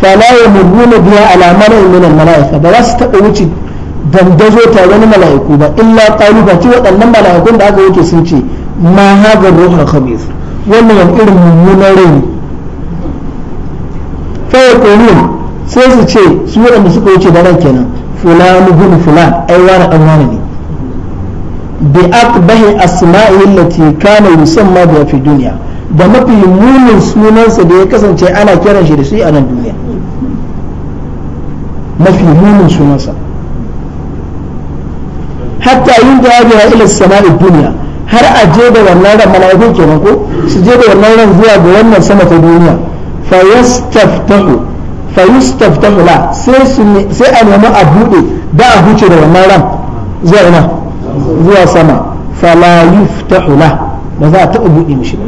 fala ya murmuna biya alamar ilmin mala'ika ba za su taɓa wuce dandazo tare wani mala'iku ba illa ƙalu ba waɗannan mala'ikun da aka wuce sun ce ma hagar ruhul khabir wannan irin mummunan rai fa yaqulun sai su ce su waɗanda suka wuce da ran kenan fulani bin fulan ai wani dan wani ne bi aqbahi asma'i allati kana yusamma biha fi duniya da mafi munin sunansa da ya kasance ana kiran shi da shi a nan duniya mafi munin sunansa hatta yin jawabi ya ila sama'id duniya har a je da wannan ran mala'iku kenan ko su je da wannan ran zuwa ga wannan sama ta duniya fa yastaftahu fa yastaftahu la sai sai a nemi a bude da a huce da wannan ran zuwa ina zuwa sama fa la yuftahu la ba za a taɓa bude mishi ba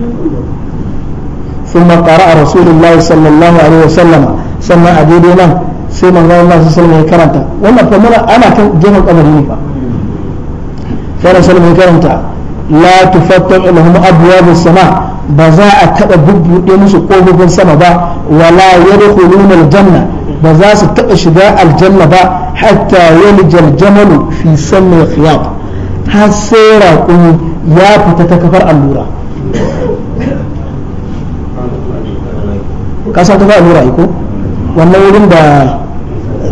ثم قرأ رسول الله صلى الله عليه وسلم سمع أبي sai manzo Allah sallallahu ya karanta wannan fa muna ana kan jihar kabari ne fa sai rasul mai karanta la tufattahu lahum abwabus sama ba za a taba bubbude musu kofofin sama ba wala yadkhuluna aljanna ba za su taba shiga aljanna ba hatta yalijal jamalu fi sammi khiyat har sai raƙumi ya fita ta kafar allura ka san kafar allura ko wannan wurin da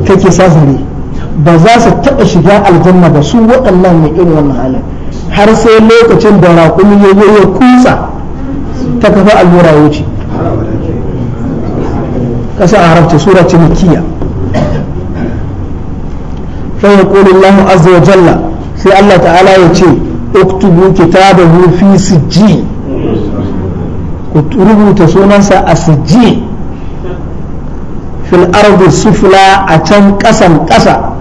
kake sazare ba za su taɓa shiga aljanna ba su waɗannan mai irin wannan halin har sai lokacin da raƙumi ya yi ya kusa ta kafa allura ya wuce ƙasa a harafta sura ce makiya fa yaqulu Allahu azza wa jalla sai Allah ta'ala ya ce uktubu kitabahu fi ji, ku rubuta sunansa a ji. fil ardi sufla a can kasan kasa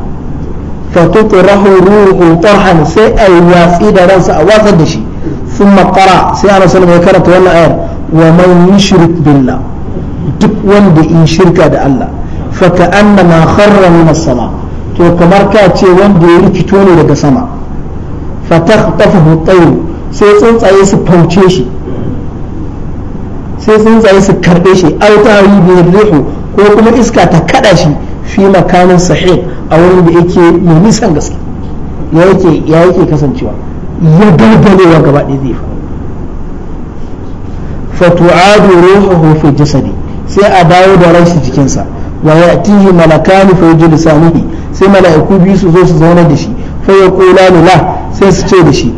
fa tutrahu ruhu tarhan sai a yi watsi da ransa a watsar da shi Sun qara sai Allah sallallahu alaihi karanta wannan ayar wa man yushrik billah duk wanda in shirka da Allah fa ka'annama kharra min as-sama to kamar ka ce wanda ya rikito ne daga sama fa takhtafuhu at sai tsuntsaye su fauce shi sai tsuntsaye su karbe shi auta rihu ko kuma iska ta kada shi fi makamin sahih a wurin da yake mai nisan gaske ya yake ya yake kasancewa ya dalgalewa gaba ɗaya zai fa tu'adu ruhuhu fi jasadi sai a dawo da ran shi jikinsa wa ya'tihi malakani fa yujlisanihi sai mala'iku biyu su zo su zauna da shi fa yaqulani la sai su ce da shi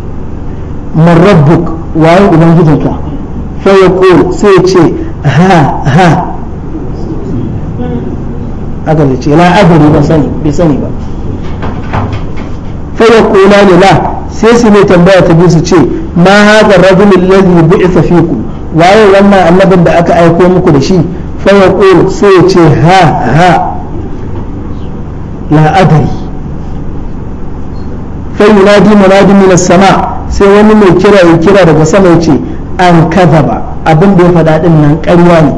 man rabbuk ya ubangijinka fa yaqul sai ya ce ha ha aka zai ce la sani bai sani ba fa la sai su ne tambaya ta biyu su ce ma hadha rajul alladhi bu'itha fikum waye wannan annabin da aka aiko muku da shi fa yaqul sai ya ce ha ha la adri fa yunadi munadi min as-sama sai wani mai kira ya kira daga sama ya ce an kadhaba abin da ya faɗa din nan ƙarya ne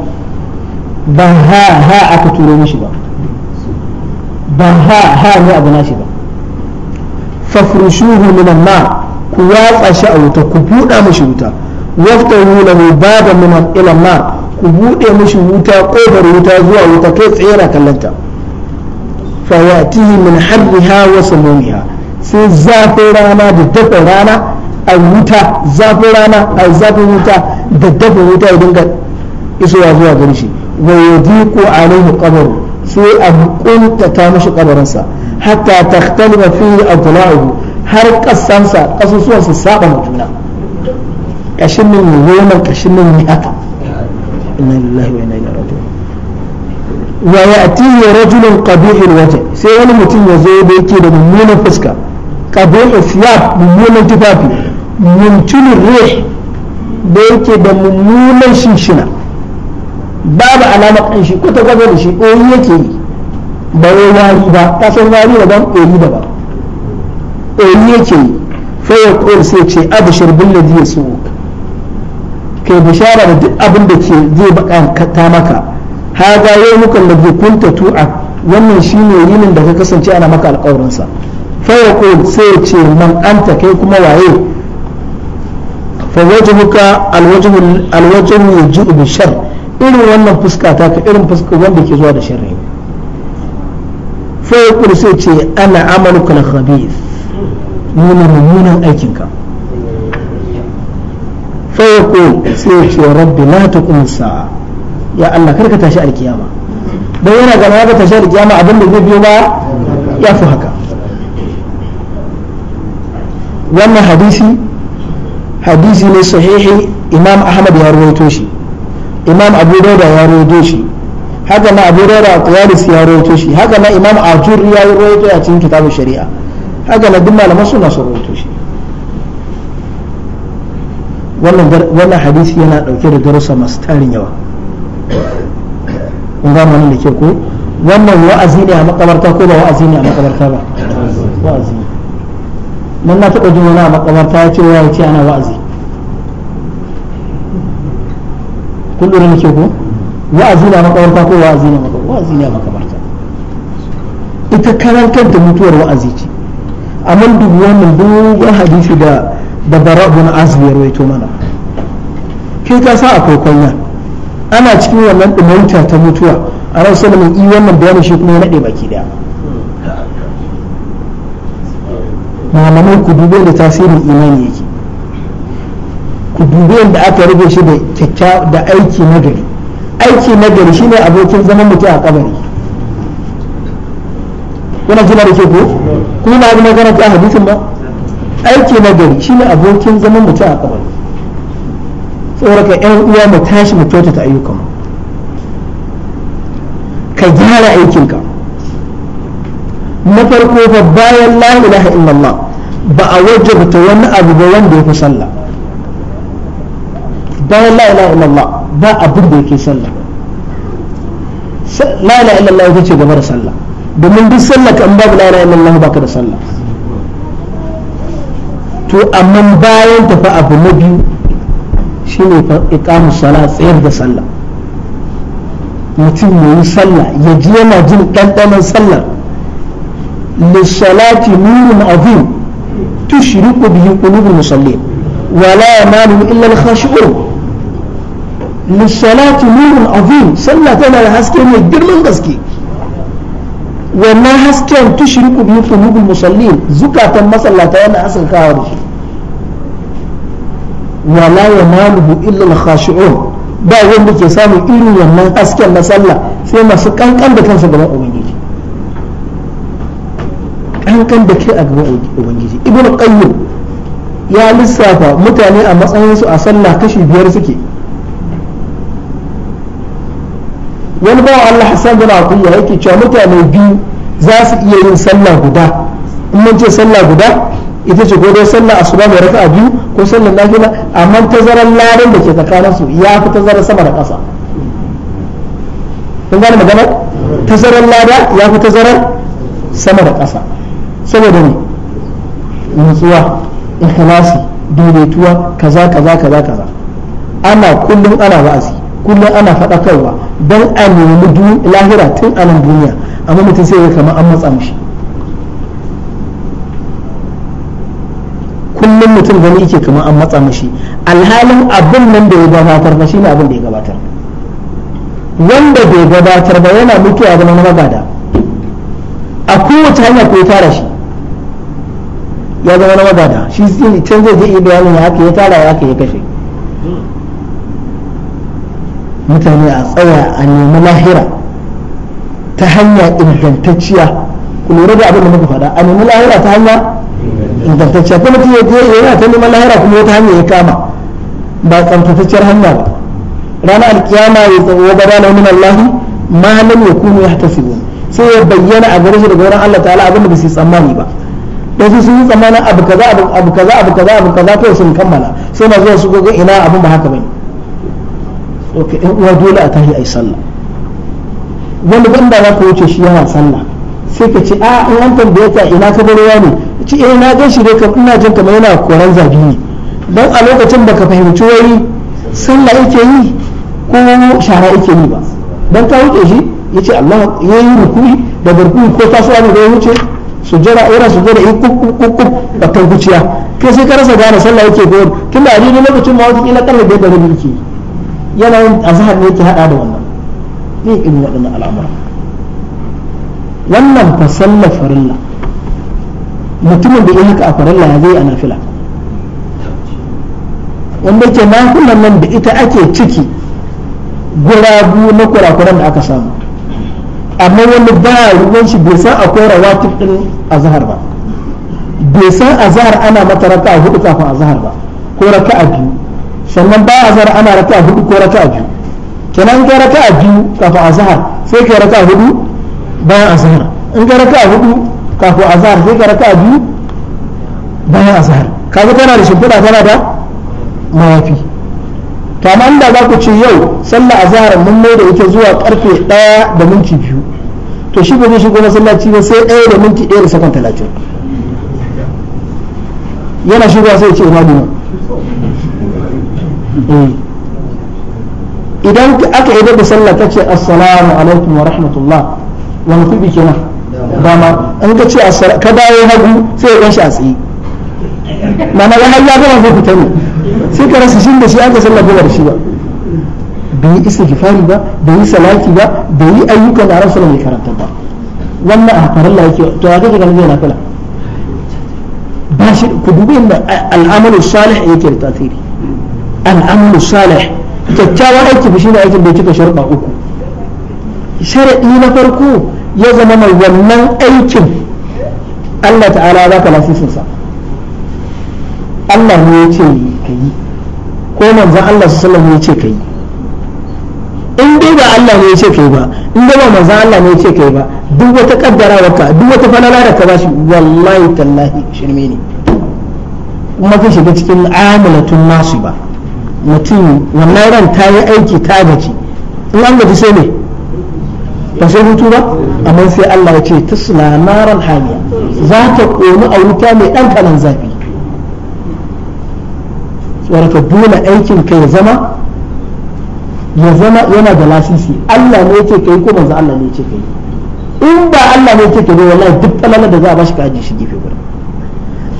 ba ha ha aka turo mishi ba ba ha ha ne abu nashi ba fafrushuhu min ma ku watsa shi a wuta ku buɗa mishi wuta waftahu lahu baban min ila ma ku buɗe mishi wuta ƙofar wuta zuwa wuta kai tsaye na kallanta fayatihi min harriha wa samuniha sai zafin rana da dafa rana a wuta zafin rana a zafin wuta da dafa wuta ya dinga isowa zuwa gari shi wa yadiqu alaihi qabru sai a kuntata mashi kabarinsa hatta takhtalifa fihi adla'uhu har kassansa kasusuwan su saba ma juna kashin min miliyonan kashin min mi'ata inna lillahi wa inna ilaihi raji'un wa ya'tihi rajulun qabihul waje sai wani mutum ya zo da yake da mummunan fuska qabihul thiyab mummunan tufafi mumtunir rih da yake da mummunan shinshina babu alamar kanshi ko ta gwada da shi ɗoyi yake yi ba wai wari ba ta san wari da ban ɗoyi da ba ɗoyi yake yi fa ya sai ce abushir billadi ya so kai bishara da duk abin da ke zai baka ta maka ga yau mukan da kunta tu'a wannan shine yinin da ka kasance ana maka alkawarinsa fa ya sai ce man anta kai kuma waye Fa فوجهك alwajibu الوجه يجيء بالشر irin wannan fuska ta ka irin fuska wanda ke zuwa da sharri fa yaqulu sai ce ana amaluka al-khabith nuna mummunan aikinka fa yaqul sai ce rabbi la taqum sa'a ya Allah karka tashi alkiyama dan yana ga haka tashi alkiyama abin da zai biyo ba ya fi haka wannan hadisi hadisi ne sahihi imam ahmad ya rawaito shi imam abu dauda ya rodo shi haka na abu dauda qawalis ya rodo shi haka na imam ajur ya rodo a cikin kitabun shari'a haka na duk malaman suna sun rodo shi wannan hadisi yana dauke da darussa masu tarin yawa kun gano wannan da ke ko wannan wa'azi ne a makabarta ko ba wa'azi ne a makabarta ba wa'azi nan na taɓa jin wani a makabarta ya ce wa ya ce ana wa'azi kullum ne ke ko wa'azi na makabarta ko wa'azi ne makabarta wa'azi ne makabarta ita karar kanta mutuwar wa'azi ce amma duk wannan dogon hadisi da da bara bin azmi ya rawaito mana kai ta sa akwai kwanya ana cikin wannan dumauta ta mutuwa a ran sallallahu alaihi wannan bayanin shi kuma ya nade baki daya malamai ku dubo da tasirin imani yake dubiyan da aka rufe shi da aiki na gari aiki na gari shine abokin zaman mutum a kabari kuna jina da ke ko kuma na abin magana ta hadisin ba aiki na gari shine abokin zaman mutum a kabari tsoraka yan uwa mu tashi mu ta ayyukan ka gyara aikinka na farko fa bayan la ilaha illallah ba a wajabta wani abu ba wanda ya fi sallah bayan la ilaha illallah ba abin da yake sallah la ilaha illallah ita ce gaba da sallah domin duk sallah kan babu la ilaha illallah baka da sallah to amma bayan tafi abu na biyu shine iqamu sala tsayar da sallah mutum ya sallah ya ji yana jin ɗanɗanon sallar lissalati nurun azim tushriqu bihi qulubul musallin wa la yanalu illa al-khashi'un lissalatu nurun azim sallah tana da haske mai girman gaske wannan hasken tushriku bi qulubil musallin zukatan masallata yana haskakawa da shi wala yamaluhu illa ba wanda ke samun irin wannan hasken na sallah sai masu kankan da kansu gaban ubangiji kankan da ke a gaban ubangiji ibnu qayyim ya lissafa mutane a matsayinsu a sallah kashi biyar suke wani bawa Allah Hassan bin Atiyya yake cewa mutane biyu za su iya yin sallah guda in mun ce sallah guda ita ce ko dai sallah asuba mai raka'a biyu ko sallar nafila amma tazarar ladan da ke tsakanin su ya fi tazarar sama da ƙasa kun gane magana tazarar lada ya fi tazarar sama da ƙasa saboda ne nutsuwa ikhlasi daidaituwa kaza kaza kaza kaza ana kullum ana wa'azi kullum ana faɗakarwa don a nemi lahira tun a nan duniya amma mutum sai ya kama an matsa mishi kullum mutum gani yake kama an matsa mishi alhalin abin nan da ya gabatar ba ne abin da ya gabatar wanda bai gabatar ba yana mutuwa zama na magada a kowace hanya ko ya tara shi ya zama na magada shi can zai je iya bayanin ya haka ya tara ya haka ya kashe mutane a tsaya a nemi lahira ta hanya ingantacciya ku lura da abin da muka faɗa a nemi lahira ta hanya ingantacciya kuma ta yi yana ta neman lahira kuma wata hanya ya kama ba tsamtatacciyar hanya ba ranar alkiyama ya tsawo gaba na wani lahi ma lam yakunu yahtasibun sai ya bayyana a gare shi daga wurin Allah ta'ala abin da ba su tsammani ba wasu sun yi tsammanin abu kaza abu kaza abu kaza abu kaza kawai sun kammala sai na zuwa su gogon ina abin ba haka bane ok yan uwa dole a tashi ai sallah wani banda za ka wuce shi yana sallah sai ka ce a in an tambaye yaka ina ka bar ne ce eh na gan shi dai kam ina jin kamar yana koran zabi ne dan a lokacin da ka fahimci wai sallah yake yi ko shara yake yi ba dan ka wuce shi ce Allah ya yi rukui da barkui ko tasowa ne da ya wuce sujjada ira sujjada yi kukkuk da tankuciya kai sai ka rasa gane sallah yake ko tunda a lokacin ma wata kila kallon da ya bari yake yi Yanayin a azhar ne yake hada da wannan ne irin waɗannan al'amura wannan fa sallar farilla mutumin da ya haka a farilla ya zai a nafila wanda ke nafilan nan da ita ake ciki gurabu na kurakuran da aka samu amma wani ba ruwan shi bai san akwai rawatib din azhar ba bai san azhar ana mata raka'a hudu kafin azhar ba ko raka a biyu sannan ba azhar ana a hudu ko a biyu kenan ka a biyu kafin azhar sai ka a hudu bayan azhar in ka a hudu kafin azhar sai ka a biyu bayan azhar kaga tana da shimfiɗa tana da mawafi ta amma inda za ku ce yau sallar azhar mun mai da ita zuwa karfe 1 da minti biyu to shi ba zai shigo masallaci ba sai 1 da minti 1 da sakon 30 yana shigowa sai ya ce ina idan aka yi da sallah ta ce assalamu alaikum wa rahmatullah wani kuɗi kenan ba ma in ka ce ka dawo hagu sai ya ganshi a tsaye mana ya har ya gama zai fita ne sai ka rasa shi da shi aka sallah ba da shi ba bai yi istighfari ba bai yi salati ba bai yi ayyukan da rasul mai karanta ba wannan a farilla yake to ya kace ganin yana kula ba shi ku dubi inda al'amalu salih yake da tasiri al'amru salih kyakkyawan aiki shi ne aikin da kika sharba uku sharadi na farko ya zama mai wannan aikin Allah ta'ala ba ka sa Allah ne ya ce ka yi ko manzan Allah sallallahu alaihi ya ce ka yi in dai ba Allah ne ya ce ka yi ba in dai ba manzo Allah ne ya ce ka yi ba duk wata kaddara waka duk wata falala da ka bashi wallahi tallahi shirme ne kuma ka shiga cikin amalatun nasu ba mutum wannan ran ta yi aiki ta gaji in an gaji sai ne ba sai hutu ba amma sai Allah ya ce tasla naran hamiya za ta ƙoni a wuta mai ɗan kanan zafi ka dole aikin ka ya zama ya zama yana da lasisi Allah ne ce kai ko manzo Allah ne ce kai in ba Allah ne ce kai wallahi duk falala da za a bashi kaji shi gefe guda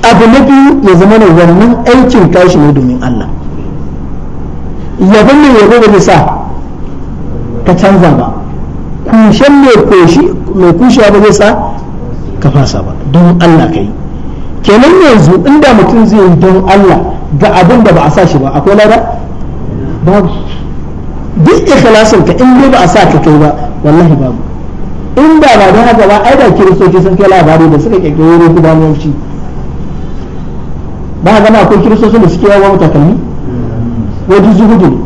abu na biyu ya zama ne wannan aikin kashi ne domin Allah yabon mai yabo ba sa ka canza ba kushen mai koshi mai kushewa ba zai sa ka fasa ba don Allah ka yi kenan yanzu inda mutum zai yi don Allah ga abin da ba a sa shi ba akwai lada babu duk ikhlasin ka in dai ba a sa ka kai ba wallahi babu in ba ba don haka ba ai da kiristoci sun kai labari da suka kirkiro ruku ba ba ga ma akwai kiristocin da suke yawon takalmi wajen zuhudu ne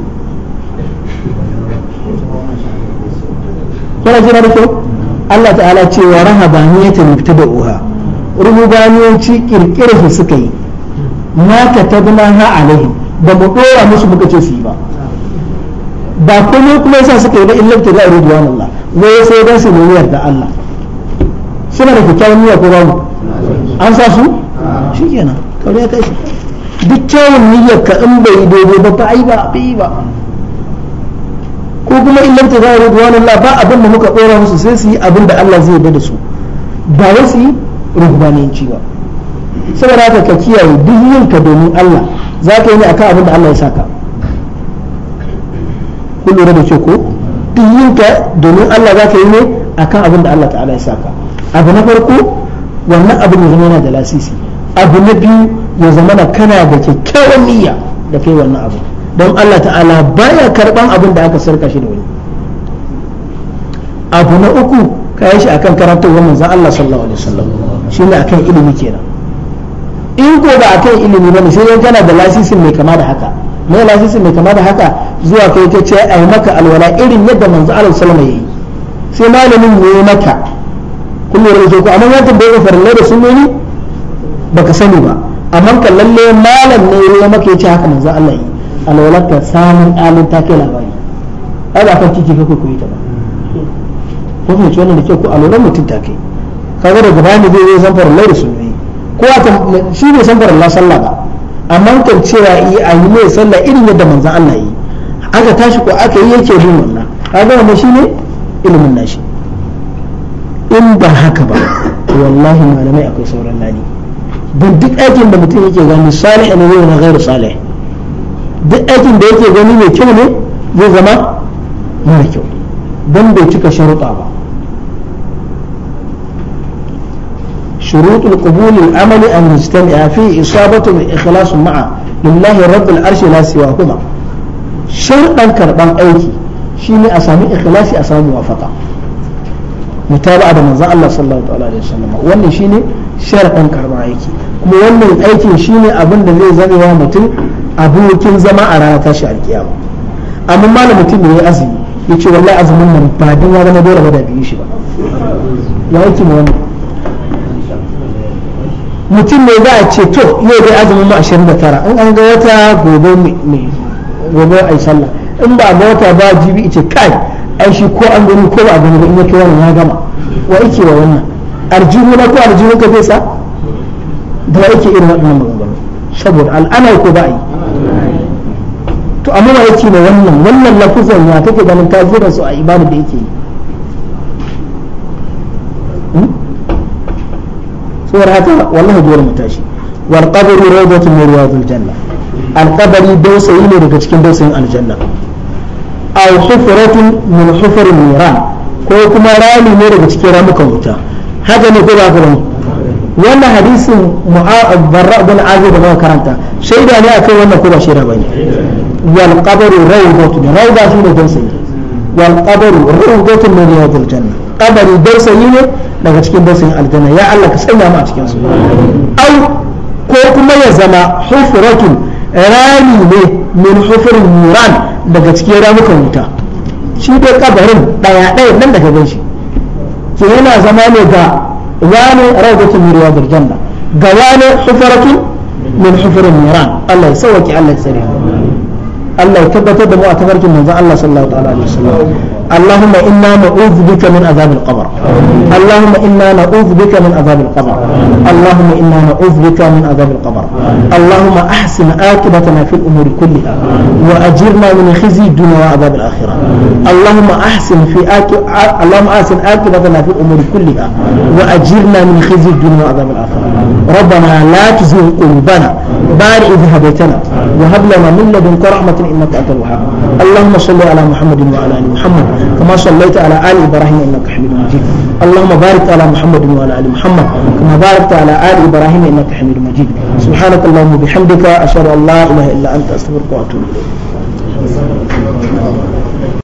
kuna jira da kyau Allah ta'ala ce wa rahabaniyata nifta da uha rububaniyanci kirkirar suka yi na ka tabna ha alaihim ba mu ɗora musu muka ce su yi ba ba kuma kuma yasa suka yi ba illar ta da ridwan Allah wai sai dan su ne da Allah suna da kyakkyawan niyya ko ba mu an sa su kenan kawai ya kai su duk kyawun niyyar ka in bai daidai ba ba ai ba bai ba ko kuma illan ta zai rubuwa la ba abin da muka dora musu sai su yi abin da Allah zai bada da su ba wai su yi ruhbaniyanci ba saboda haka ka kiyaye duk yin ka domin Allah za ka yi ne akan abin da Allah ya saka ku lura da ce ko duk yin ka domin Allah za ka yi ne akan abin da Allah ta'ala ya saka abu na farko wannan abin da zama yana da lasisi abu na biyu ya zama na kana da kyakkyawan niyya da kai wannan abu don Allah ta'ala baya karban abin da aka sarka shi da wani abu na uku ka yi shi akan karantarwar manzon Allah sallallahu alaihi wasallam shine akan ilimi kenan in ko ba akan ilimi bane sai dai kana da lasisin mai kama da haka mai lasisin mai kama da haka zuwa kai ta ce ai maka alwala irin yadda manzon Allah sallallahu alaihi wasallam yayi sai malamin ne maka kullum da ku amma ya tambaye ka farilla da sunnoni baka sani ba amma kan lalle malam ne ya maka ce haka manzo Allah yi alwalaka samun alin take labari ai ba kan titi kake koyi ta ba ko mu ce wannan da ke ku alwalan mutum take. Ka kaga daga bayan da zai san farin lai da sunni ko ta shi bai san farin sallah ba amma kan cewa yi eh, a yi mai sallah irin yadda manzo Allah yi aka tashi ko aka yi yake bin wannan kaga wannan ne? ilimin nashi in ba haka ba wallahi malamai akwai sauran nani da duk aikin da mutum yake gani salih ne zai zama gairu salih duk aikin da yake gani mai kyau ne zai zama mara kyau don bai cika sharuɗa ba shuruɗul qabul al amal an yastami'a fi isabatu bi ikhlas ma'a lillahi rabbil arsh la siwa kuma sharɗan karban aiki shine a sami ikhlasi a samu wafaka متابعة من ذا الله صلى الله عليه وسلم وأن شيني شارقا كرما عيكي mu wannan aikin shine abin da zai zame wa mutum abokin zama a rana tashi alkiyama amma malam mutum ne ya azumi ya ce wallahi azumin nan ba don ya zama dole ba da biyu shi ba ya aiki mu wannan mutum ne za a ce to yau dai azumin mu 29 da tara in an ga wata gobe mai gobe a yi sallah in ba ga wata ba jibi ita kai ai shi ko an gani ko ba a gani ba in ya kai wannan ya gama wa ike wa wannan arjihu na ko arjihu ka fesa da yake irin waɗannan maganganu saboda al'ana ko ba yi to amma ba yake ne wannan wannan lafuzan ya kake ganin tasirin su a ibada da yake yi hmm? saboda haka wallahi dole mu tashi wal qabru rawdatun min riyadil janna al qabri dausayi ne daga cikin dausayin aljanna aw hufratun min hufarin niran ko kuma rami ne daga cikin ramukan wuta haka ne ko ba ka wannan hadisin mu'abbarra bin azib da muka karanta shaida ne akai wannan ko ba shaida bane wal qabru rawdatun rawda shi ne dan sai wal qabru rawdatun min riyadil janna qabri dan sai ne daga cikin dan aljanna ya Allah ka sanya mu a cikin su au ko kuma ya zama hufratun rani ne min hufrin muran daga cikin ramukan wuta shi dai kabarin daya daya nan daga gan shi ke yana zama ne ga واني روضة من رياض الجنة قواني حفرة من حفر النيران الله يسوك على السريع الله تبتد مؤتمر جنة الله صلى الله عليه وسلم اللهم إنا نعوذ بك من عذاب القبر اللهم إنا نعوذ بك من عذاب القبر اللهم إنا نعوذ بك من عذاب القبر اللهم أحسن آكبتنا في الأمور كلها وأجرنا من خزي الدنيا وعذاب الآخرة اللهم أحسن في اللهم أحسن آكبتنا في الأمور كلها وأجرنا من خزي الدنيا وعذاب الآخرة ربنا لا تزغ قلوبنا بارئ ذهبتنا وهب لنا من لدنك رحمة إنك أنت الوهاب اللهم صل على محمد وعلى آل محمد كما صليت على آل إبراهيم إنك حميد مجيد اللهم بارك على محمد وعلى آل محمد كما باركت على آل إبراهيم إنك حميد مجيد سبحانك اللهم وبحمدك أشهد أن لا إله إلا أنت أستغفرك وأتوب إليك